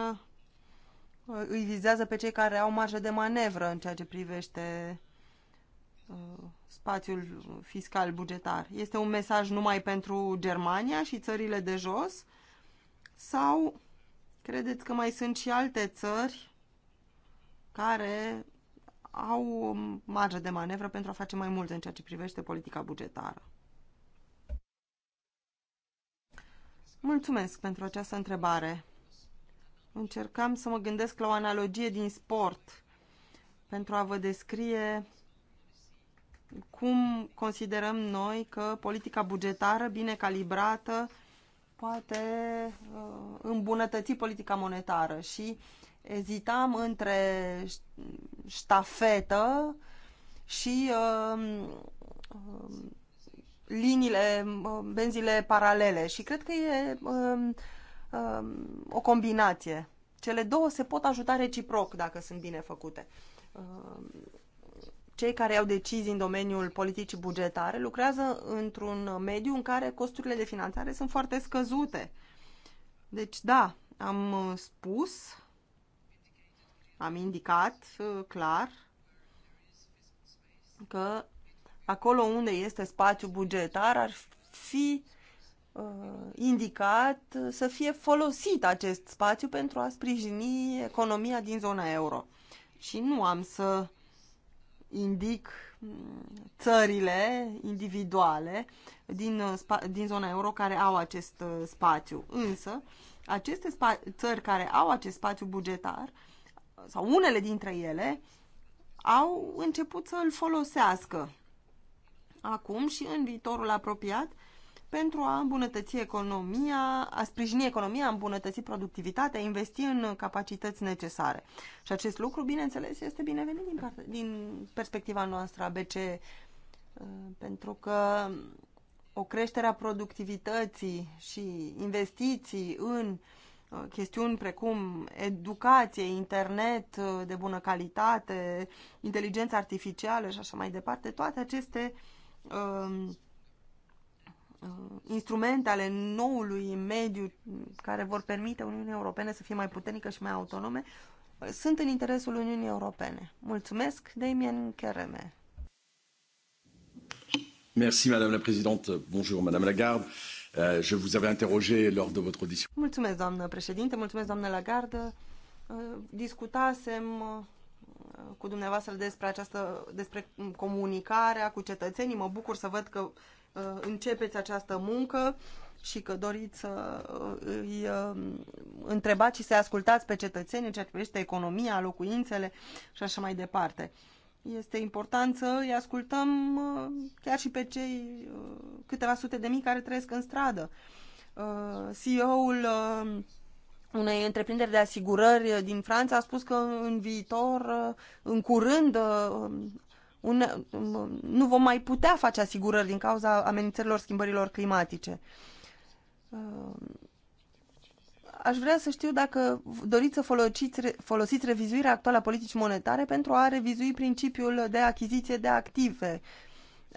uh, îi vizează pe cei care au marjă de manevră în ceea ce privește uh, spațiul fiscal bugetar. Este un mesaj numai pentru Germania și țările de jos sau Credeți că mai sunt și alte țări care au marge de manevră pentru a face mai mult în ceea ce privește politica bugetară? Mulțumesc pentru această întrebare. Încercam să mă gândesc la o analogie din sport pentru a vă descrie cum considerăm noi că politica bugetară bine calibrată poate uh, îmbunătăți politica monetară și ezitam între ștafetă și uh, uh, liniile, benzile paralele și cred că e um, um, o combinație. Cele două se pot ajuta reciproc dacă sunt bine făcute cei care au decizii în domeniul politicii bugetare lucrează într-un mediu în care costurile de finanțare sunt foarte scăzute. Deci, da, am uh, spus, am indicat uh, clar că acolo unde este spațiu bugetar ar fi uh, indicat să fie folosit acest spațiu pentru a sprijini economia din zona euro. Și nu am să indic mm, țările individuale din, uh, din zona euro care au acest uh, spațiu. Însă, aceste spa țări care au acest spațiu bugetar, sau unele dintre ele, au început să îl folosească acum și în viitorul apropiat pentru a îmbunătăți economia, a sprijini economia, a îmbunătăți productivitatea, a investi în capacități necesare. Și acest lucru, bineînțeles, este binevenit din, din perspectiva noastră a BCE, uh, pentru că o creștere a productivității și investiții în uh, chestiuni precum educație, internet uh, de bună calitate, inteligență artificială și așa mai departe, toate aceste um, Uh, instrumente ale noului mediu care vor permite Uniunii Europene să fie mai puternică și mai autonome uh, sunt în interesul Uniunii Europene. Mulțumesc, Damien Kereme. Merci, Madame la Présidente. Bonjour, Madame Lagarde. Euh, je vous avais interrogé lors de votre audition. Mulțumesc, doamnă președinte, mulțumesc, doamnă Lagarde. Uh, discutasem cu dumneavoastră despre, această, despre comunicarea cu cetățenii. Mă bucur să văd că Uh, începeți această muncă și că doriți să uh, îi uh, întrebați și să ascultați pe cetățenii ceea ce privește economia, locuințele și așa mai departe. Este important să îi ascultăm chiar și pe cei câteva sute de mii care trăiesc în stradă. CEO-ul unei întreprinderi de asigurări din Franța a spus că în viitor, în curând, un, um, nu vom mai putea face asigurări din cauza amenințărilor schimbărilor climatice. Uh, aș vrea să știu dacă doriți să folosiți, folosiți revizuirea actuală a politicii monetare pentru a revizui principiul de achiziție de active,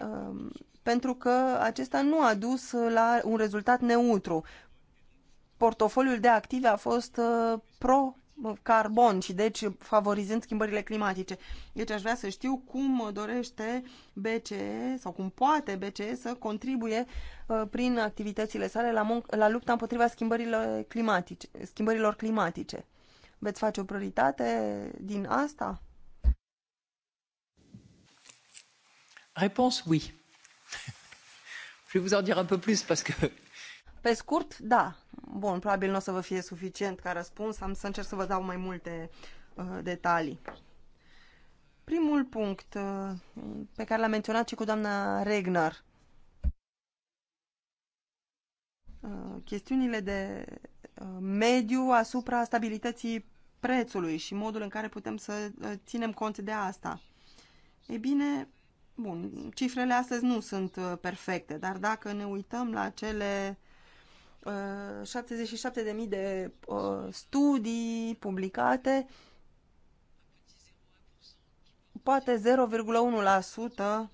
um, pentru că acesta nu a dus la un rezultat neutru portofoliul de active a fost uh, pro carbon și deci favorizând schimbările climatice. Deci aș vrea să știu cum dorește BCE sau cum poate BCE să contribuie uh, prin activitățile sale la, la lupta împotriva schimbărilor climatice, schimbărilor climatice. Veți face o prioritate din asta? Réponse oui. Je vais vous en dire un peu plus parce que... Pe scurt, da, Bun, probabil nu o să vă fie suficient ca răspuns, am să încerc să vă dau mai multe uh, detalii. Primul punct uh, pe care l-a menționat și cu doamna Regner, uh, chestiunile de uh, mediu asupra stabilității prețului și modul în care putem să uh, ținem cont de asta. E bine, bun, cifrele astăzi nu sunt uh, perfecte, dar dacă ne uităm la cele 77.000 uh, de uh, studii publicate, poate 0,1%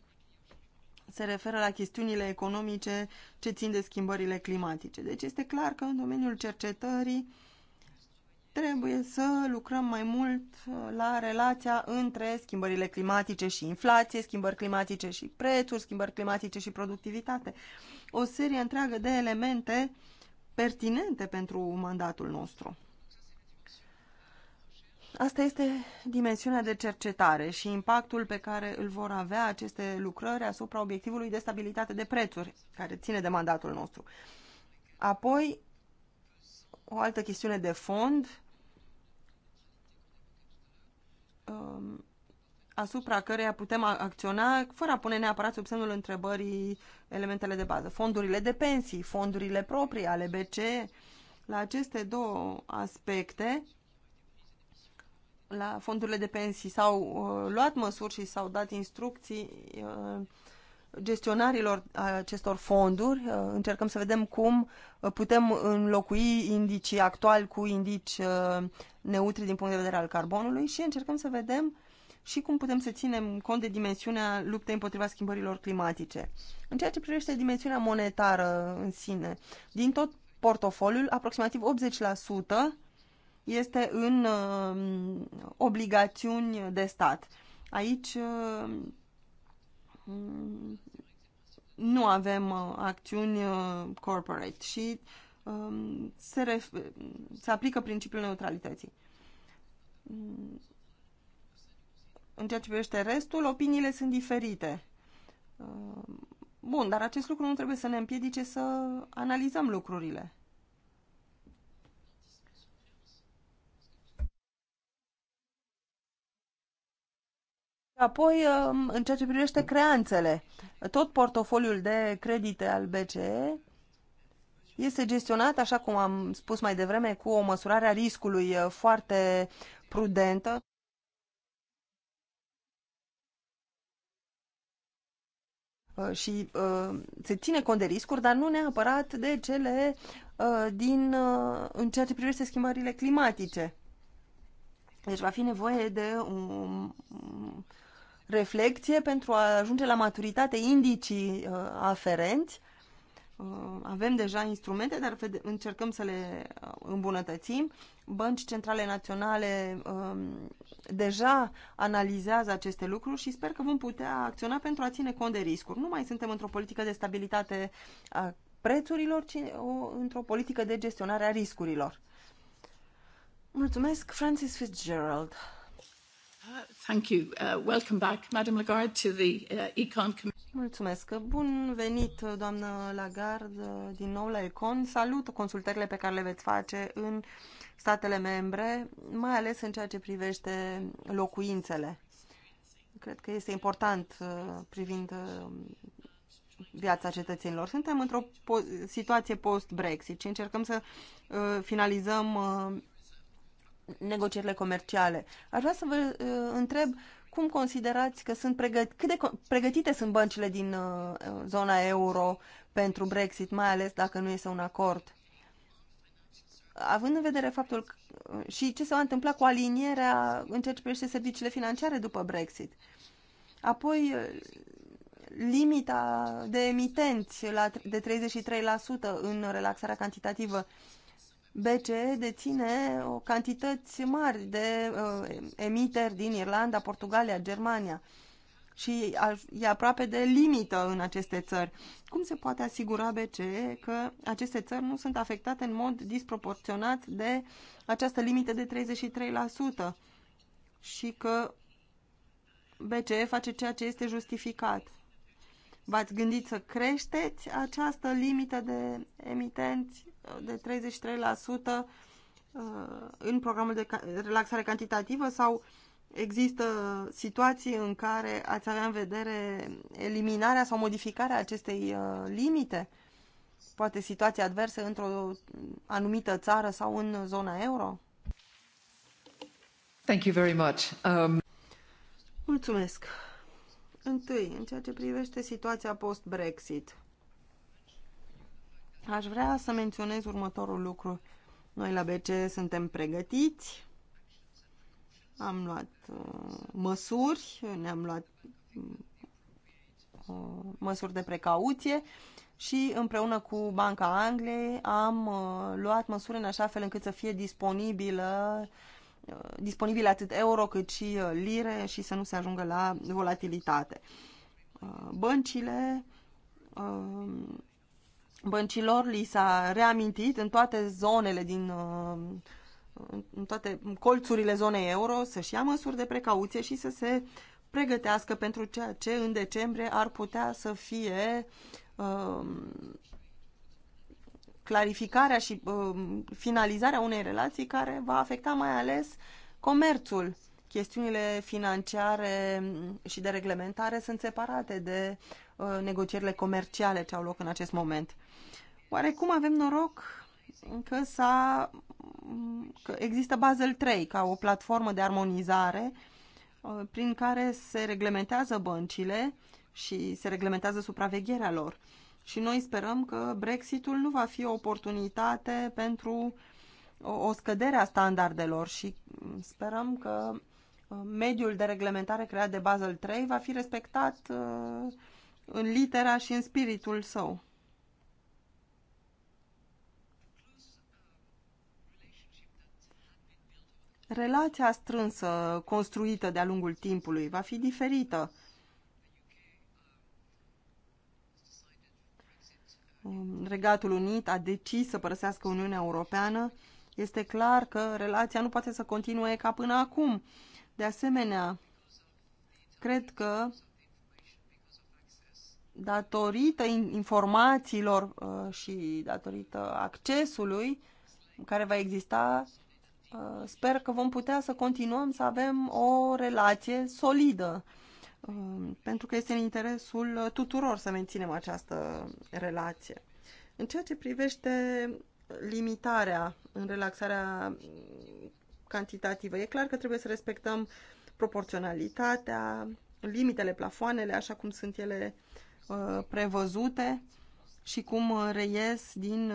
se referă la chestiunile economice ce țin de schimbările climatice. Deci este clar că în domeniul cercetării trebuie să lucrăm mai mult uh, la relația între schimbările climatice și inflație, schimbări climatice și prețuri, schimbări climatice și productivitate. O serie întreagă de elemente uh, pertinente pentru mandatul nostru. Asta este dimensiunea de cercetare și impactul pe care îl vor avea aceste lucrări asupra obiectivului de stabilitate de prețuri, care ține de mandatul nostru. Apoi, o altă chestiune de fond, um, asupra căreia putem acționa fără a pune neapărat sub semnul întrebării elementele de bază. Fondurile de pensii, fondurile proprii ale BCE, la aceste două aspecte, la fondurile de pensii s-au uh, luat măsuri și s-au dat instrucții uh, gestionarilor acestor fonduri. Uh, încercăm să vedem cum uh, putem înlocui indicii actuali cu indici uh, neutri din punct de vedere al carbonului și încercăm să vedem și cum putem să ținem cont de dimensiunea luptei împotriva schimbărilor climatice. În ceea ce privește dimensiunea monetară în sine, din tot portofoliul, aproximativ 80% este în uh, obligațiuni de stat. Aici uh, nu avem uh, acțiuni uh, corporate și uh, se, se aplică principiul neutralității în ceea ce privește restul, opiniile sunt diferite. Bun, dar acest lucru nu trebuie să ne împiedice să analizăm lucrurile. Apoi, um, în ceea ce privește creanțele, tot portofoliul de credite al BCE este gestionat, așa cum am spus mai devreme, cu o măsurare a riscului uh, foarte prudentă. Uh, și uh, se ține cont de riscuri, dar nu neapărat de cele uh, din, în ceea ce privește schimbările climatice. Deci va fi nevoie de o reflecție pentru a ajunge la maturitate indicii aferenți Uh, avem deja instrumente, dar încercăm să le uh, îmbunătățim. Bănci centrale naționale um, deja analizează aceste lucruri și sper că vom putea acționa pentru a ține cont de riscuri. Nu mai suntem într-o politică de stabilitate a prețurilor, ci într-o politică de gestionare a riscurilor. Mulțumesc, Francis Fitzgerald. Uh, thank you. Uh, welcome back, Madam Lagarde, to the uh, Econ Committee. Mulțumesc. Bun venit, uh, doamnă Lagarde, uh, din nou la Econ. Salut consultările pe care le veți face în statele membre, mai ales în ceea ce privește locuințele. Cred că este important privind viața cetățenilor. Suntem într-o po situație post-Brexit și încercăm să finalizăm negocierile comerciale. Aș vrea să vă uh, întreb cum considerați că sunt pregăti, cât de pregătite sunt băncile din uh, zona euro pentru Brexit, mai ales dacă nu este un acord? Având în vedere faptul că, uh, și ce se va întâmpla cu alinierea în ceea ce privește serviciile financiare după Brexit. Apoi, limita de emitenți la, de 33% în relaxarea cantitativă. BCE deține o cantități mari de uh, emiteri din Irlanda, Portugalia, Germania și e aproape de limită în aceste țări. Cum se poate asigura BCE că aceste țări nu sunt afectate în mod disproporționat de această limită de 33% și că BCE face ceea ce este justificat? V-ați gândit să creșteți această limită de emitenți de 33% uh, în programul de relaxare cantitativă sau există situații în care ați avea în vedere eliminarea sau modificarea acestei uh, limite? Poate situații adverse într-o anumită țară sau în zona euro? Thank you very much. Um... Mulțumesc. Întâi, în ceea ce privește situația post-Brexit. Aș vrea să menționez următorul lucru. Noi la BCE suntem pregătiți, am luat uh, măsuri, ne-am luat uh, măsuri de precauție și împreună cu Banca Angliei am uh, luat măsuri în așa fel încât să fie disponibilă uh, disponibile atât euro cât și uh, lire și să nu se ajungă la volatilitate. Uh, băncile băncilor li s-a reamintit în toate zonele din uh, în toate colțurile zonei euro să-și ia măsuri de precauție și să se pregătească pentru ceea ce în decembrie ar putea să fie um, clarificarea și um, finalizarea unei relații care va afecta mai ales comerțul. Chestiunile financiare și de reglementare sunt separate de uh, negocierile comerciale ce au loc în acest moment. Oarecum avem noroc că, s-a, că există Basel 3 ca o platformă de armonizare uh, prin care se reglementează băncile și se reglementează supravegherea lor. Și noi sperăm că Brexitul nu va fi o oportunitate pentru o scădere a standardelor și sperăm că uh, mediul de reglementare creat de Basel 3 va fi respectat uh, în litera și în spiritul său. relația strânsă construită de-a lungul timpului va fi diferită. Regatul Unit a decis să părăsească Uniunea Europeană. Este clar că relația nu poate să continue ca până acum. De asemenea, cred că datorită informațiilor uh, și datorită accesului care va exista Uh, sper că vom putea să continuăm să avem o relație solidă, uh, pentru că este în interesul tuturor să menținem această relație. În ceea ce privește limitarea în relaxarea cantitativă, e clar că trebuie să respectăm proporționalitatea, limitele, plafoanele, așa cum sunt ele uh, prevăzute și cum reies din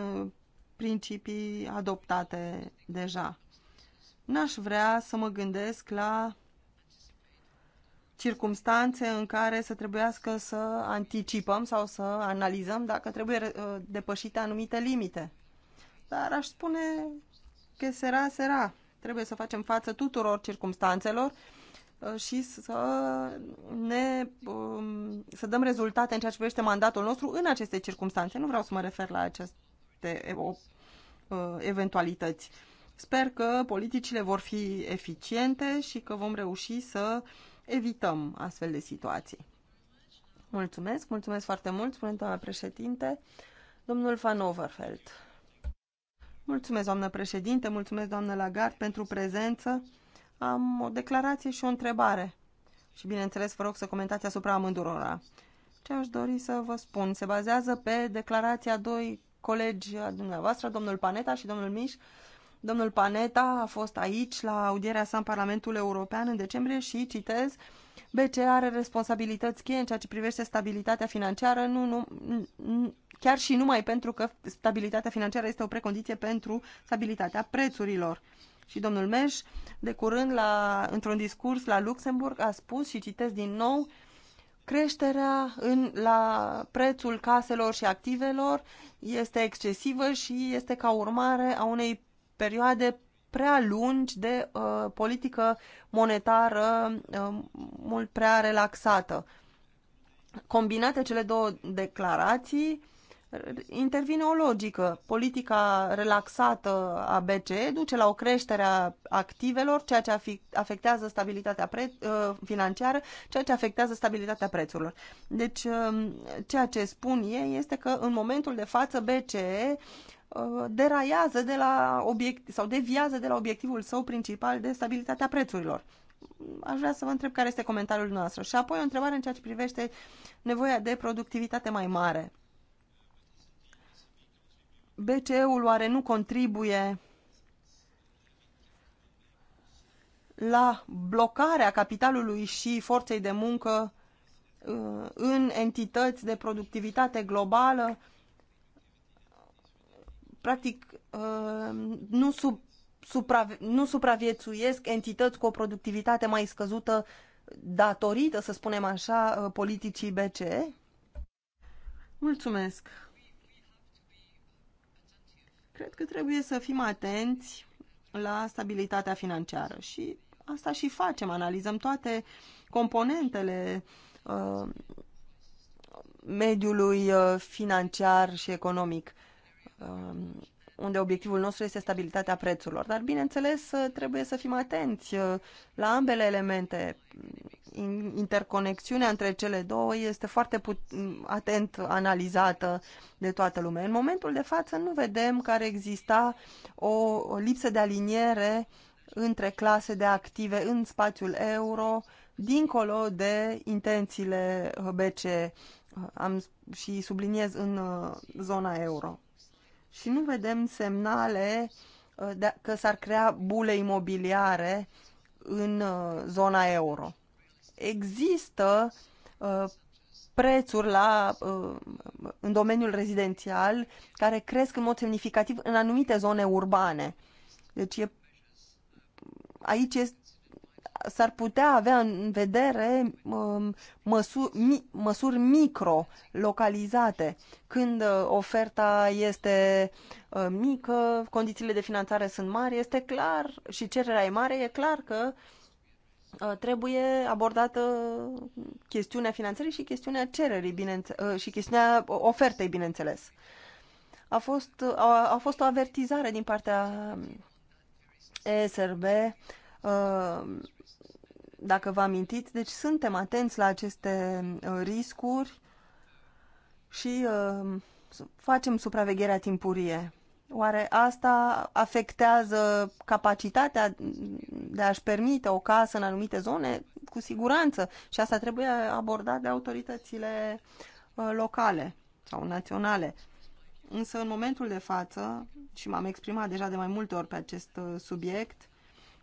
principii adoptate deja n-aș vrea să mă gândesc la circumstanțe în care să trebuiască să anticipăm sau să analizăm dacă trebuie uh, depășite anumite limite. Dar aș spune că sera, sera. Trebuie să facem față tuturor circumstanțelor uh, și să ne um, să dăm rezultate în ceea ce privește mandatul nostru în aceste circumstanțe. Nu vreau să mă refer la aceste uh, eventualități. Sper că politicile vor fi eficiente și că vom reuși să evităm astfel de situații. Mulțumesc, mulțumesc foarte mult, spune doamna președinte, domnul Van Overfeld. Mulțumesc, doamnă președinte, mulțumesc, doamnă Lagarde, pentru prezență. Am o declarație și o întrebare. Și, bineînțeles, vă rog să comentați asupra amândurora. Ce aș dori să vă spun se bazează pe declarația doi colegi dumneavoastră, domnul Paneta și domnul Miș, Domnul Paneta a fost aici la audierea sa în Parlamentul European în decembrie și, citez, BCE are responsabilități cheie în ceea ce privește stabilitatea financiară, nu, nu, chiar și numai pentru că stabilitatea financiară este o precondiție pentru stabilitatea prețurilor. Și domnul Meș, de curând, la, într-un discurs la Luxemburg, a spus și citesc din nou, creșterea în, la prețul caselor și activelor este excesivă și este ca urmare a unei perioade prea lungi de uh, politică monetară uh, mult prea relaxată. Combinate cele două declarații, intervine o logică. Politica relaxată a BCE duce la o creștere a activelor, ceea ce afectează stabilitatea pre- uh, financiară, ceea ce afectează stabilitatea prețurilor. Deci, um, ceea ce spun ei este că în momentul de față BCE Uh, deraiază de la obiect, sau deviază de la obiectivul său principal de stabilitatea prețurilor. Aș vrea să vă întreb care este comentariul nostru. Și apoi o întrebare în ceea ce privește nevoia de productivitate mai mare. BCE-ul oare nu contribuie la blocarea capitalului și forței de muncă uh, în entități de productivitate globală practic, uh, nu, sub, suprave, nu supraviețuiesc entități cu o productivitate mai scăzută datorită, să spunem așa, uh, politicii BCE? Mulțumesc! Cred că trebuie să fim atenți la stabilitatea financiară și asta și facem, analizăm toate componentele uh, mediului uh, financiar și economic. Um, unde obiectivul nostru este stabilitatea prețurilor. Dar, bineînțeles, uh, trebuie să fim atenți uh, la ambele elemente. Interconexiunea între cele două este foarte atent analizată de toată lumea. În momentul de față nu vedem că ar exista o lipsă de aliniere între clase de active în spațiul euro, dincolo de intențiile BCE. Am și subliniez în uh, zona euro și nu vedem semnale uh, că s-ar crea bule imobiliare în uh, zona euro. Există uh, prețuri la, în domeniul rezidențial care cresc în mod semnificativ în anumite zone urbane. Deci e, aici este, s-ar putea avea în vedere um, măsuri, măsuri micro, localizate. Când uh, oferta este uh, mică, condițiile de finanțare sunt mari, este clar și cererea e mare, e clar că uh, trebuie abordată chestiunea finanțării și chestiunea cererii bineînțe- și chestiunea ofertei, bineînțeles. A fost, a, a fost o avertizare din partea um, ESRB uh, dacă vă amintiți. Deci suntem atenți la aceste uh, riscuri și uh, facem supravegherea timpurie. Oare asta afectează capacitatea de a-și permite o casă în anumite zone? Cu siguranță. Și asta trebuie abordat de autoritățile uh, locale sau naționale. Însă, în momentul de față, și m-am exprimat deja de mai multe ori pe acest subiect,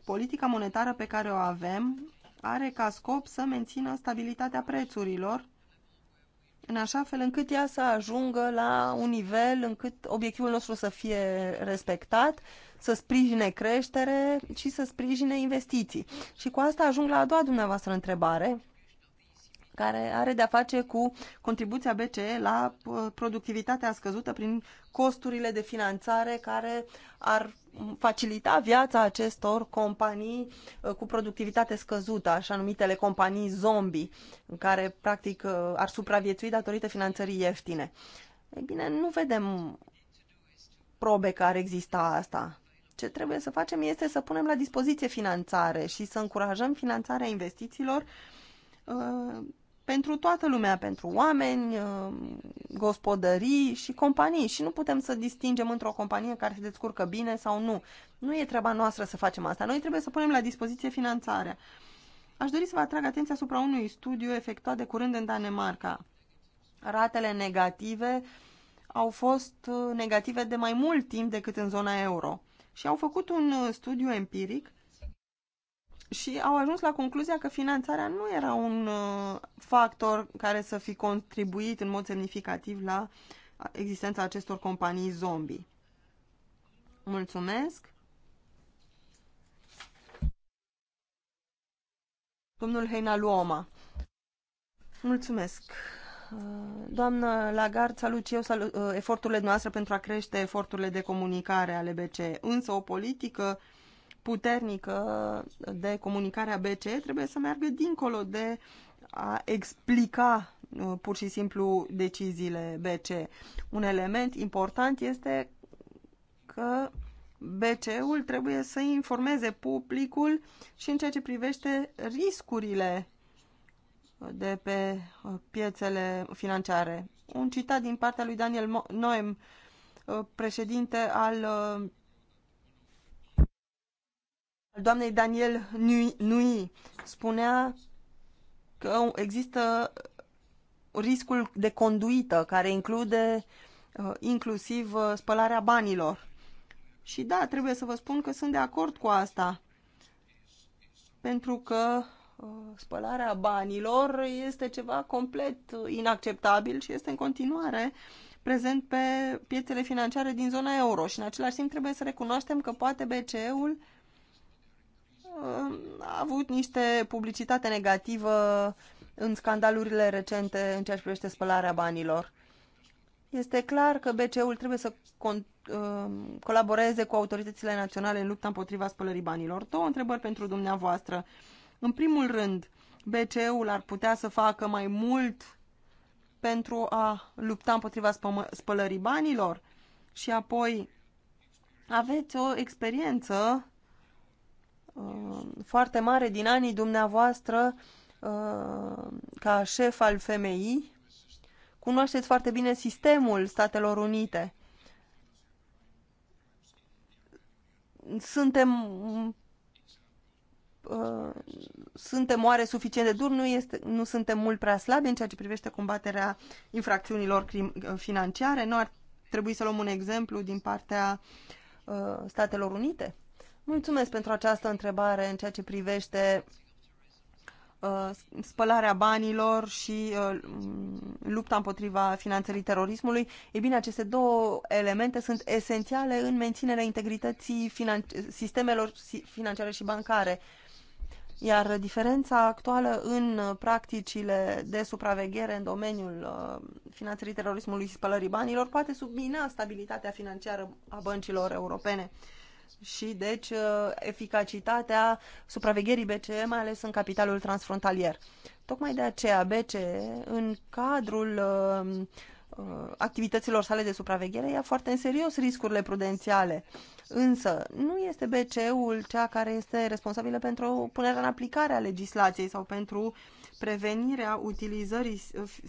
politica monetară pe care o avem are ca scop să mențină stabilitatea prețurilor în așa fel încât ea să ajungă la un nivel încât obiectivul nostru să fie respectat, să sprijine creștere și să sprijine investiții. Și cu asta ajung la a doua dumneavoastră întrebare, care are de-a face cu contribuția BCE la uh, productivitatea scăzută prin costurile de finanțare care ar facilita viața acestor companii uh, cu productivitate scăzută, așa numitele companii zombie, care practic uh, ar supraviețui datorită finanțării ieftine. Ei bine, nu vedem probe că ar exista asta. Ce trebuie să facem este să punem la dispoziție finanțare și să încurajăm finanțarea investițiilor pentru toată lumea, pentru oameni, uh, gospodării și companii. Și nu putem să distingem într-o companie care se descurcă bine sau nu. Nu e treaba noastră să facem asta. Noi trebuie să punem la dispoziție finanțarea. Aș dori să vă atrag atenția asupra unui studiu efectuat de curând în Danemarca. Ratele negative au fost uh, negative de mai mult timp decât în zona euro. Și au făcut un uh, studiu empiric și au ajuns la concluzia că finanțarea nu era un uh, factor care să fi contribuit în mod semnificativ la existența acestor companii zombie. Mulțumesc! Domnul Heina Luoma. Mulțumesc! Uh, doamnă Lagarde, salut și eu salut, uh, eforturile noastre pentru a crește eforturile de comunicare ale BCE. Însă o politică uh, puternică de comunicare a BCE trebuie să meargă dincolo de a explica uh, pur și simplu deciziile BCE. Un element important este că BCE-ul trebuie să informeze publicul și în ceea ce privește riscurile de pe uh, piețele financiare. Un citat din partea lui Daniel Noem, uh, președinte al doamnei Daniel Nui spunea că există riscul de conduită care include uh, inclusiv uh, spălarea banilor. Și da, trebuie să vă spun că sunt de acord cu asta. Pentru că uh, spălarea banilor este ceva complet inacceptabil și este în continuare prezent pe piețele financiare din zona euro. Și în același timp trebuie să recunoaștem că poate BCE-ul uh, a avut niște publicitate negativă în scandalurile recente în ceea ce privește spălarea banilor. Este clar că BCE-ul trebuie să con- uh, colaboreze cu autoritățile naționale în lupta împotriva spălării banilor. Două întrebări pentru dumneavoastră. În primul rând, BCE-ul ar putea să facă mai mult pentru a lupta împotriva spălării banilor? Și apoi, aveți o experiență Uh, foarte mare din anii dumneavoastră uh, ca șef al FMI. Cunoașteți foarte bine sistemul Statelor Unite. Suntem uh, suntem oare suficient de dur, nu, este, nu suntem mult prea slabi în ceea ce privește combaterea infracțiunilor financiare. Nu ar trebui să luăm un exemplu din partea uh, Statelor Unite? Mulțumesc pentru această întrebare în ceea ce privește uh, spălarea banilor și uh, lupta împotriva finanțării terorismului. Ei bine, aceste două elemente sunt esențiale în menținerea integrității finan- sistemelor financiare și bancare. Iar diferența actuală în practicile de supraveghere în domeniul uh, finanțării terorismului și spălării banilor poate submina stabilitatea financiară a băncilor europene și deci uh, eficacitatea supravegherii BCE, mai ales în capitalul transfrontalier. Tocmai de aceea BCE, în cadrul uh, uh, activităților sale de supraveghere, ia foarte în serios riscurile prudențiale. Însă, nu este BCE-ul cea care este responsabilă pentru punerea în aplicare a legislației sau pentru prevenirea utilizării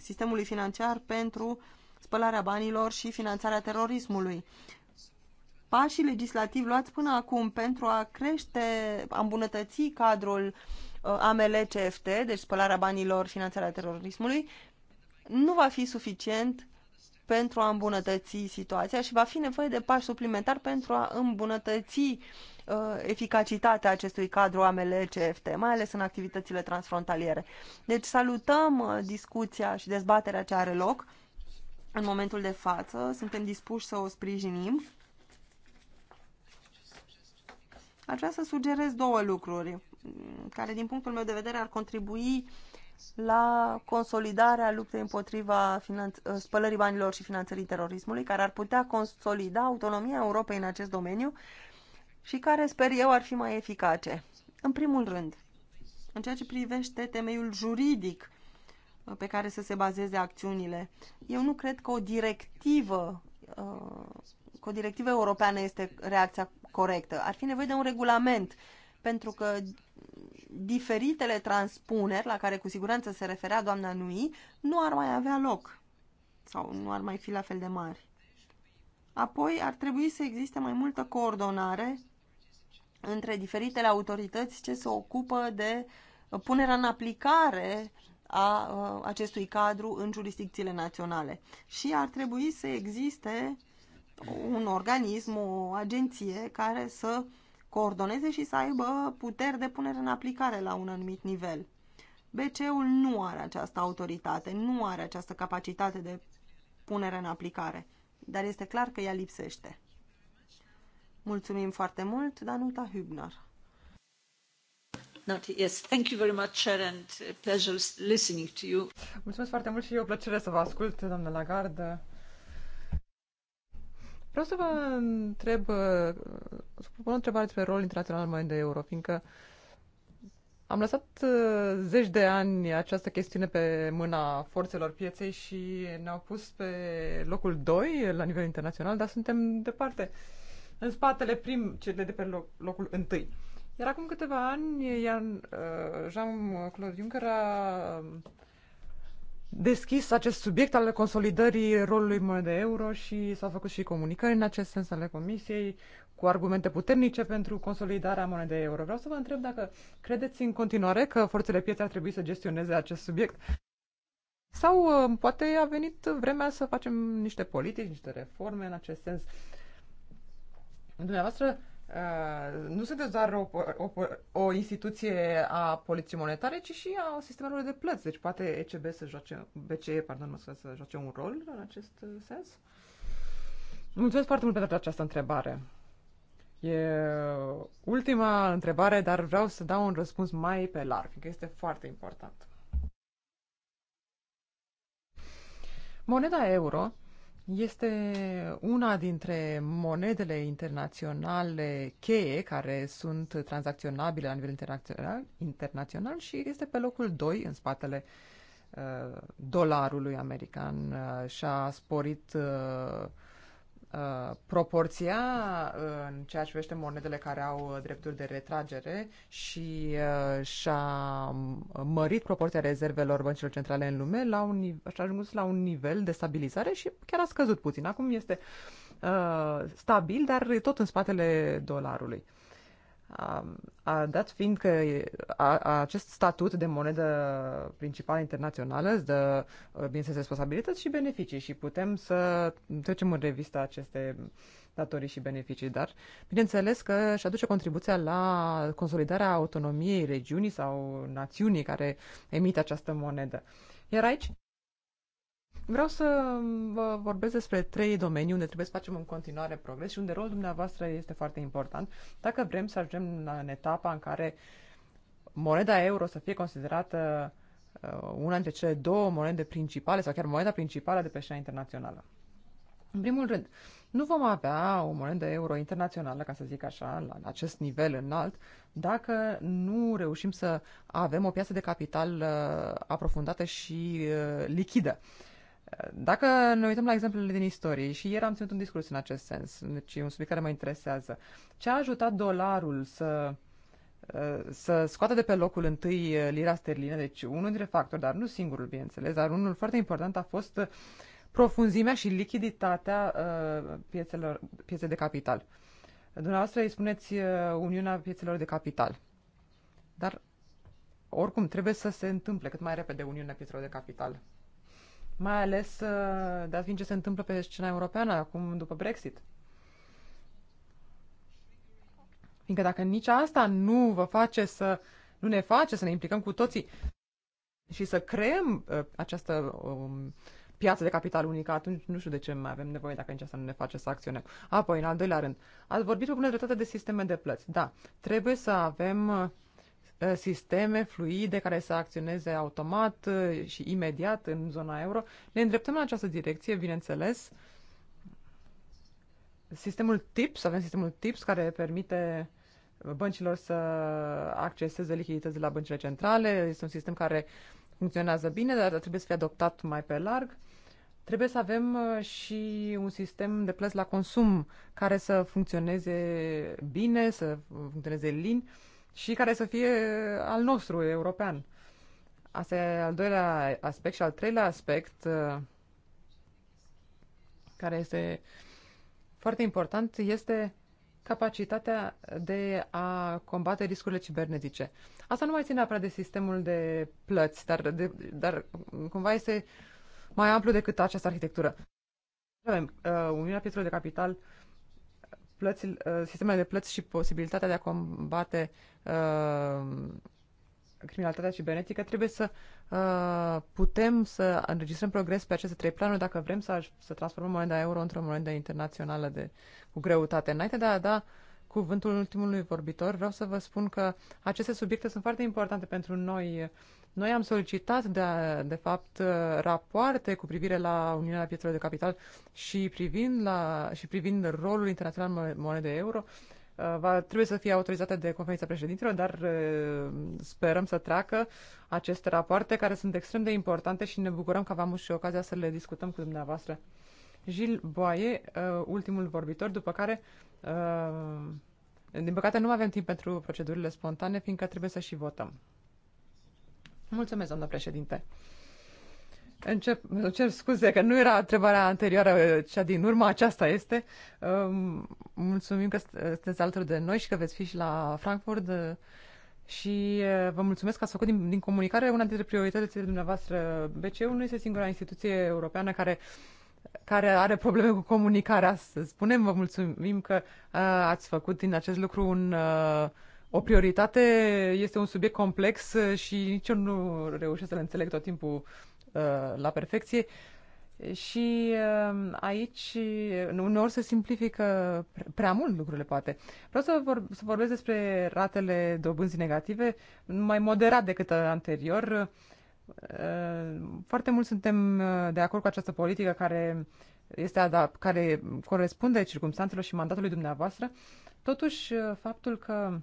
sistemului financiar pentru spălarea banilor și finanțarea terorismului pașii legislativi luați până acum pentru a crește, a îmbunătăți cadrul uh, AML-CFT, deci spălarea banilor, finanțarea terorismului, nu va fi suficient pentru a îmbunătăți situația și va fi nevoie de pași suplimentari pentru a îmbunătăți uh, eficacitatea acestui cadru AML-CFT, mai ales în activitățile transfrontaliere. Deci salutăm uh, discuția și dezbaterea ce are loc în momentul de față, suntem dispuși să o sprijinim Aș vrea să sugerez două lucruri mm, care, din punctul meu de vedere, ar contribui la consolidarea luptei împotriva ă, spălării banilor și finanțării terorismului, care ar putea consolida autonomia Europei în acest domeniu și care, sper eu, ar fi mai eficace. În primul rând, în ceea ce privește temeiul juridic ă, pe care să se bazeze acțiunile, eu nu cred că o directivă ă, că o directivă europeană este reacția corectă. Ar fi nevoie de un regulament, pentru că diferitele transpuneri, la care cu siguranță se referea doamna Nui, nu ar mai avea loc sau nu ar mai fi la fel de mari. Apoi ar trebui să existe mai multă coordonare între diferitele autorități ce se ocupă de punerea în aplicare a uh, acestui cadru în jurisdicțiile naționale. Și ar trebui să existe un organism, o agenție care să coordoneze și să aibă puteri de punere în aplicare la un anumit nivel. BCE-ul nu are această autoritate, nu are această capacitate de punere în aplicare, dar este clar că ea lipsește. Mulțumim foarte mult, Danuta Hübner. Yes, thank you very much, Chair, and pleasure listening to you. Mulțumesc foarte mult și e o plăcere să vă ascult, doamnă Lagarde. Vreau să vă întreb, uh, să pun o întrebare despre rolul internațional al monedei euro, fiindcă am lăsat uh, zeci de ani această chestiune pe mâna forțelor pieței și ne-au pus pe locul 2 la nivel internațional, dar suntem departe, în spatele prim, cele de pe loc, locul 1. Iar acum câteva ani, uh, Jean-Claude Juncker a deschis acest subiect al consolidării rolului monedei euro și s-au făcut și comunicări în acest sens ale Comisiei cu argumente puternice pentru consolidarea monedei euro. Vreau să vă întreb dacă credeți în continuare că forțele pieței ar trebui să gestioneze acest subiect sau uh, poate a venit vremea să facem niște politici, niște reforme în acest sens. Dumneavoastră Uh, nu sunteți doar o, o, o instituție a poliției monetare, ci și a sistemelor de plăți. Deci poate ECB să joace, BCE, pardon, să, să joace un rol în acest uh, sens? Mulțumesc foarte mult pentru această întrebare. E ultima întrebare, dar vreau să dau un răspuns mai pe larg, fiindcă este foarte important. Moneda euro este una dintre monedele internaționale cheie care sunt tranzacționabile la nivel internațional, internațional și este pe locul 2 în spatele uh, dolarului american uh, și a sporit uh, uh, proporția uh, în ceea ce privește monedele care au uh, drepturi de retragere și uh, și-a mărit proporția rezervelor băncilor centrale în lume la un, și-a ajuns la un nivel de stabilizare și chiar a scăzut puțin. Acum este uh, stabil, dar tot în spatele dolarului. Uh, a, dat fiind că a, a, acest statut de monedă principală internațională îți dă, uh, bineînțeles, responsabilități și beneficii și putem să trecem în revistă aceste datorii și beneficii, dar bineînțeles că își aduce contribuția la consolidarea autonomiei regiunii sau națiunii care emite această monedă. Iar aici Vreau să vă vorbesc despre trei domenii unde trebuie să facem în continuare progres și unde rolul dumneavoastră este foarte important. Dacă vrem să ajungem în etapa în care moneda euro să fie considerată uh, una dintre cele două monede principale sau chiar moneda principală de pe scena internațională. În primul rând, nu vom avea o monedă euro internațională, ca să zic așa, la acest nivel înalt, dacă nu reușim să avem o piață de capital uh, aprofundată și uh, lichidă. Dacă ne uităm la exemplele din istorie, și ieri am ținut un discurs în acest sens, deci e un subiect care mă interesează, ce a ajutat dolarul să, uh, să scoată de pe locul întâi uh, lira sterlină, deci unul dintre factori, dar nu singurul, bineînțeles, dar unul foarte important a fost uh, profunzimea și lichiditatea piețelor, piețe de capital. Dumneavoastră îi spuneți Uniunea Piețelor de Capital, dar oricum trebuie să se întâmple cât mai repede Uniunea Piețelor de Capital mai ales uh, dat fiind ce se întâmplă pe scena europeană acum după Brexit. Fiindcă dacă nici asta nu vă face să nu ne face să ne implicăm cu toții și să creăm uh, această um, piață de capital unică, atunci nu știu de ce mai avem nevoie dacă nici asta nu ne face să acționăm. Apoi, în al doilea rând, ați vorbit pe bună dreptate de sisteme de plăți. Da, trebuie să avem uh, Uh, sisteme fluide care să acționeze automat uh, și imediat în zona euro. Ne îndreptăm în această direcție, bineînțeles. Sistemul TIPS, avem sistemul TIPS care permite băncilor să acceseze lichidități de la băncile centrale. Este un sistem care funcționează bine, dar trebuie să fie adoptat mai pe larg. Trebuie să avem uh, și un sistem de plăți la consum care să funcționeze bine, să funcționeze lin și care să fie uh, al nostru, european. Asta e al doilea aspect și al treilea aspect uh, care este foarte important este capacitatea de a combate riscurile cibernetice. Asta nu mai ține neapărat de sistemul de plăți, dar, de, dar cumva este mai amplu decât această arhitectură. Avem uh, Uniunea Pietrului de Capital, plățile, uh, sistemele de plăți și posibilitatea de a combate uh, criminalitatea cibernetică, trebuie să uh, putem să înregistrăm progres pe aceste trei planuri dacă vrem să, să transformăm moneda euro într-o monedă internațională de, cu greutate. Înainte de a da cuvântul ultimului vorbitor, vreau să vă spun că aceste subiecte sunt foarte importante pentru noi noi am solicitat, de, de fapt, rapoarte cu privire la Uniunea Pietrelor de Capital și privind, la, și privind rolul internațional monedei euro, uh, va, trebuie să fie autorizată de conferința președintelor, dar uh, sperăm să treacă aceste rapoarte care sunt extrem de importante și ne bucurăm că avem și ocazia să le discutăm cu dumneavoastră. Gil Boaie, uh, ultimul vorbitor, după care, din păcate, nu avem timp pentru procedurile spontane, fiindcă trebuie să și votăm. Mulțumesc, doamna președinte. Încep, cer scuze că nu era întrebarea anterioară, cea din urmă, aceasta este. Mulțumim că sunteți alături de noi și că veți fi și la Frankfurt uh, și uh, vă mulțumesc că ați făcut din, din comunicare una dintre prioritățile dumneavoastră. BCU nu este singura instituție europeană care care are probleme cu comunicarea, să spunem. Vă mulțumim că uh, ați făcut din acest lucru un o prioritate este un subiect complex uh, și nici eu nu reușesc să-l înțeleg tot timpul uh, la perfecție. Și uh, aici uneori se simplifică prea mult lucrurile, poate. Vreau să, vor, să vorbesc despre ratele dobânzii negative, mai moderat decât anterior. foarte mult suntem de acord cu această politică care este adap- care corespunde circumstanțelor și mandatului dumneavoastră. Totuși, faptul că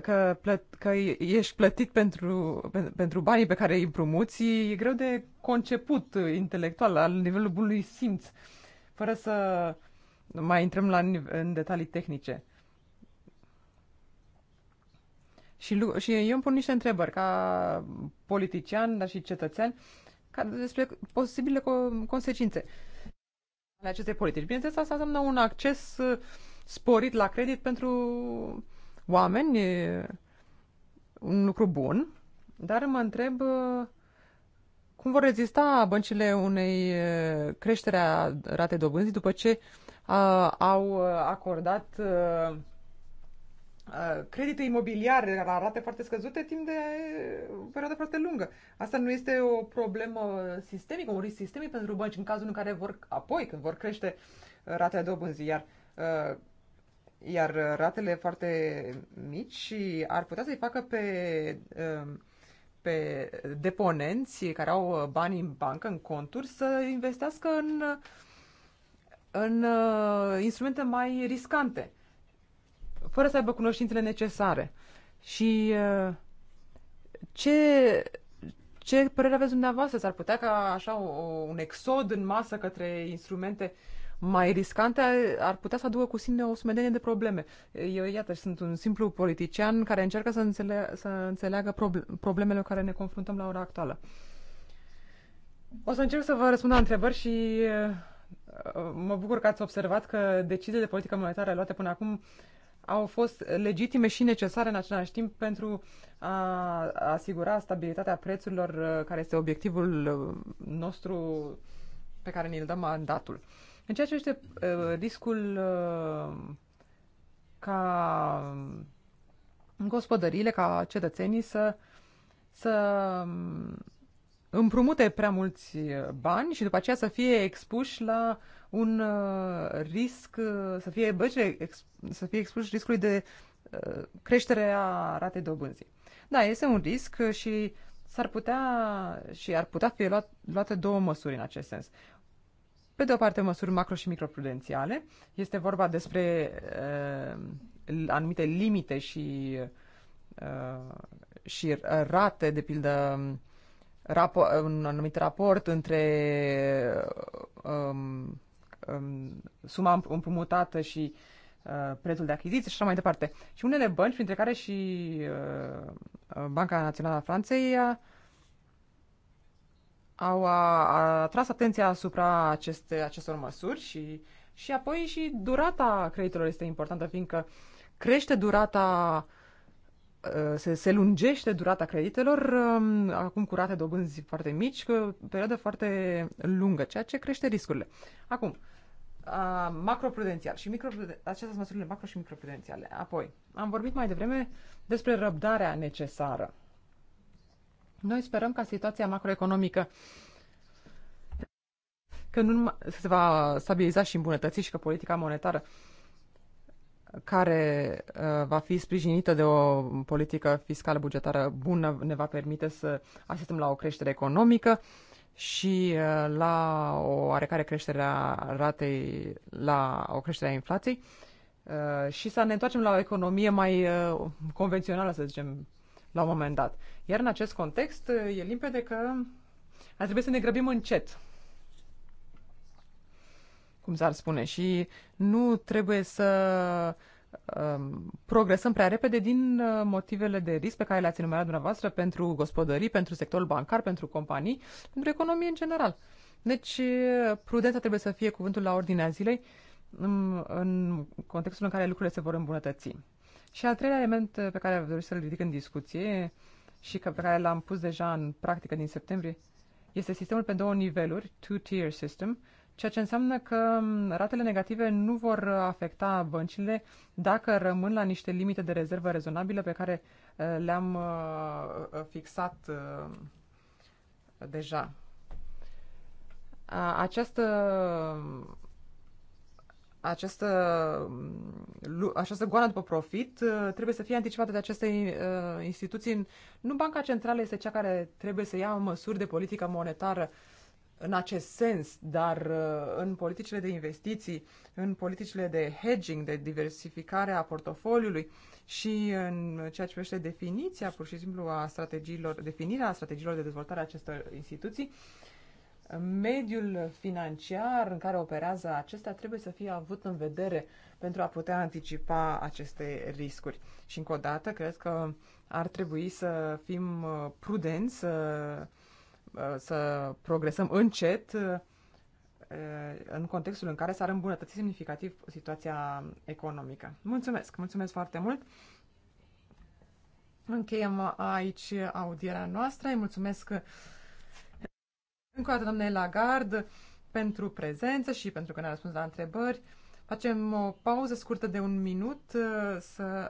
că, plă, că ești plătit pentru, pentru banii pe care îi împrumuți, e greu de conceput intelectual, al nivelul bunului simț, fără să mai intrăm la, în detalii tehnice. Și, și eu îmi pun niște întrebări ca politician, dar și cetățean, ca despre posibile co- consecințe ale acestei politici. Bineînțeles, asta înseamnă un acces sporit la credit pentru oameni, e un lucru bun, dar mă întreb cum vor rezista băncile unei creștere a ratei dobânzii după ce uh, au acordat uh, credite imobiliare la rate foarte scăzute timp de o perioadă foarte lungă. Asta nu este o problemă sistemică, un risc sistemic pentru bănci în cazul în care vor, apoi când vor crește ratea dobânzii, iar uh, iar ratele foarte mici ar putea să-i facă pe, um, pe deponenți care au bani în bancă, în conturi, să investească în, în uh, instrumente mai riscante, fără să aibă cunoștințele necesare. Și uh, ce, ce părere aveți dumneavoastră? S-ar putea ca așa un exod în masă către instrumente uh, mai riscante ar putea să aducă cu sine o sumedenie de probleme. Eu, iată, sunt un simplu politician care încearcă să, înțele- să înțeleagă problemele cu care ne confruntăm la ora actuală. O să încerc să vă răspund la întrebări și uh, mă bucur că ați observat că deciziile de politică monetară luate până acum au fost legitime și necesare în același timp pentru a asigura stabilitatea prețurilor, uh, care este obiectivul uh, nostru pe care ne-l dăm mandatul. În ceea ce este uh, riscul uh, ca gospodăriile, ca cetățenii să, să um, împrumute prea mulți bani și după aceea să fie expuși la un uh, risc, uh, să fie, ce, ex, să fie expuși riscului de uh, creștere a ratei dobânzii. Da, este un risc și s-ar putea și ar putea fi luat, luate două măsuri în acest sens. Pe de o parte, măsuri macro și microprudențiale. Este vorba despre uh, anumite limite și, uh, și rate, de pildă, rapo- un anumit raport între uh, um, um, suma împrumutată și uh, prețul de achiziție și așa mai departe. Și unele bănci, printre care și uh, Banca Națională a Franței, uh, au atras atenția asupra aceste, acestor măsuri și, și apoi și durata creditelor este importantă, fiindcă crește durata, uh, se, se lungește durata creditelor, um, acum cu rate dobânzi foarte mici, cu perioadă foarte lungă, ceea ce crește riscurile. Acum, macroprudențial și micro acestea sunt măsurile macro și microprudențiale. Apoi, am vorbit mai devreme despre răbdarea necesară. Noi sperăm ca situația macroeconomică că nu se va stabiliza și îmbunătăți și că politica monetară care uh, va fi sprijinită de o politică fiscală bugetară bună ne va permite să asistăm la o creștere economică și uh, la o oarecare creștere a ratei, la o creștere a inflației uh, și să ne întoarcem la o economie mai convențională, să zicem, la un moment dat. Iar în acest context e limpede că ar trebui să ne grăbim încet, cum s-ar spune, și nu trebuie să um, progresăm prea repede din uh, motivele de risc pe care le-ați enumerat dumneavoastră pentru gospodării, pentru sectorul bancar, pentru companii, pentru economie în general. Deci, prudența trebuie să fie cuvântul la ordinea zilei um, în contextul în care lucrurile se vor îmbunătăți. Și al treilea element uh, pe care vreau să-l ridic în discuție și pe care l-am pus deja în practică din septembrie este sistemul pe două niveluri, two-tier system, ceea ce înseamnă că um, ratele negative nu vor uh, afecta băncile dacă rămân la niște limite de rezervă rezonabile pe care uh, le-am fixat deja. Această această, mm, această goană după profit uh, trebuie să fie anticipată de aceste uh, instituții. Nu Banca Centrală este cea care trebuie să ia măsuri de politică monetară în acest sens, dar uh, în politicile de investiții, în politicile de hedging, de diversificare a portofoliului și în ceea ce privește definiția, pur și simplu, a strategiilor, definirea strategiilor de dezvoltare a acestor instituții, uh, mediul financiar în care operează acesta trebuie să fie avut în vedere pentru a putea anticipa aceste riscuri. Și încă o dată, cred că ar trebui să fim uh, prudenți, să, uh, să progresăm încet uh, în contextul în care s-ar îmbunătăți semnificativ situația economică. Mulțumesc, mulțumesc foarte mult! Încheiem aici audierea noastră. Îi mulțumesc încă o dată, domnule Lagarde, pentru prezență și pentru că ne-a răspuns la întrebări. Facem o pauză scurtă de un minut uh, să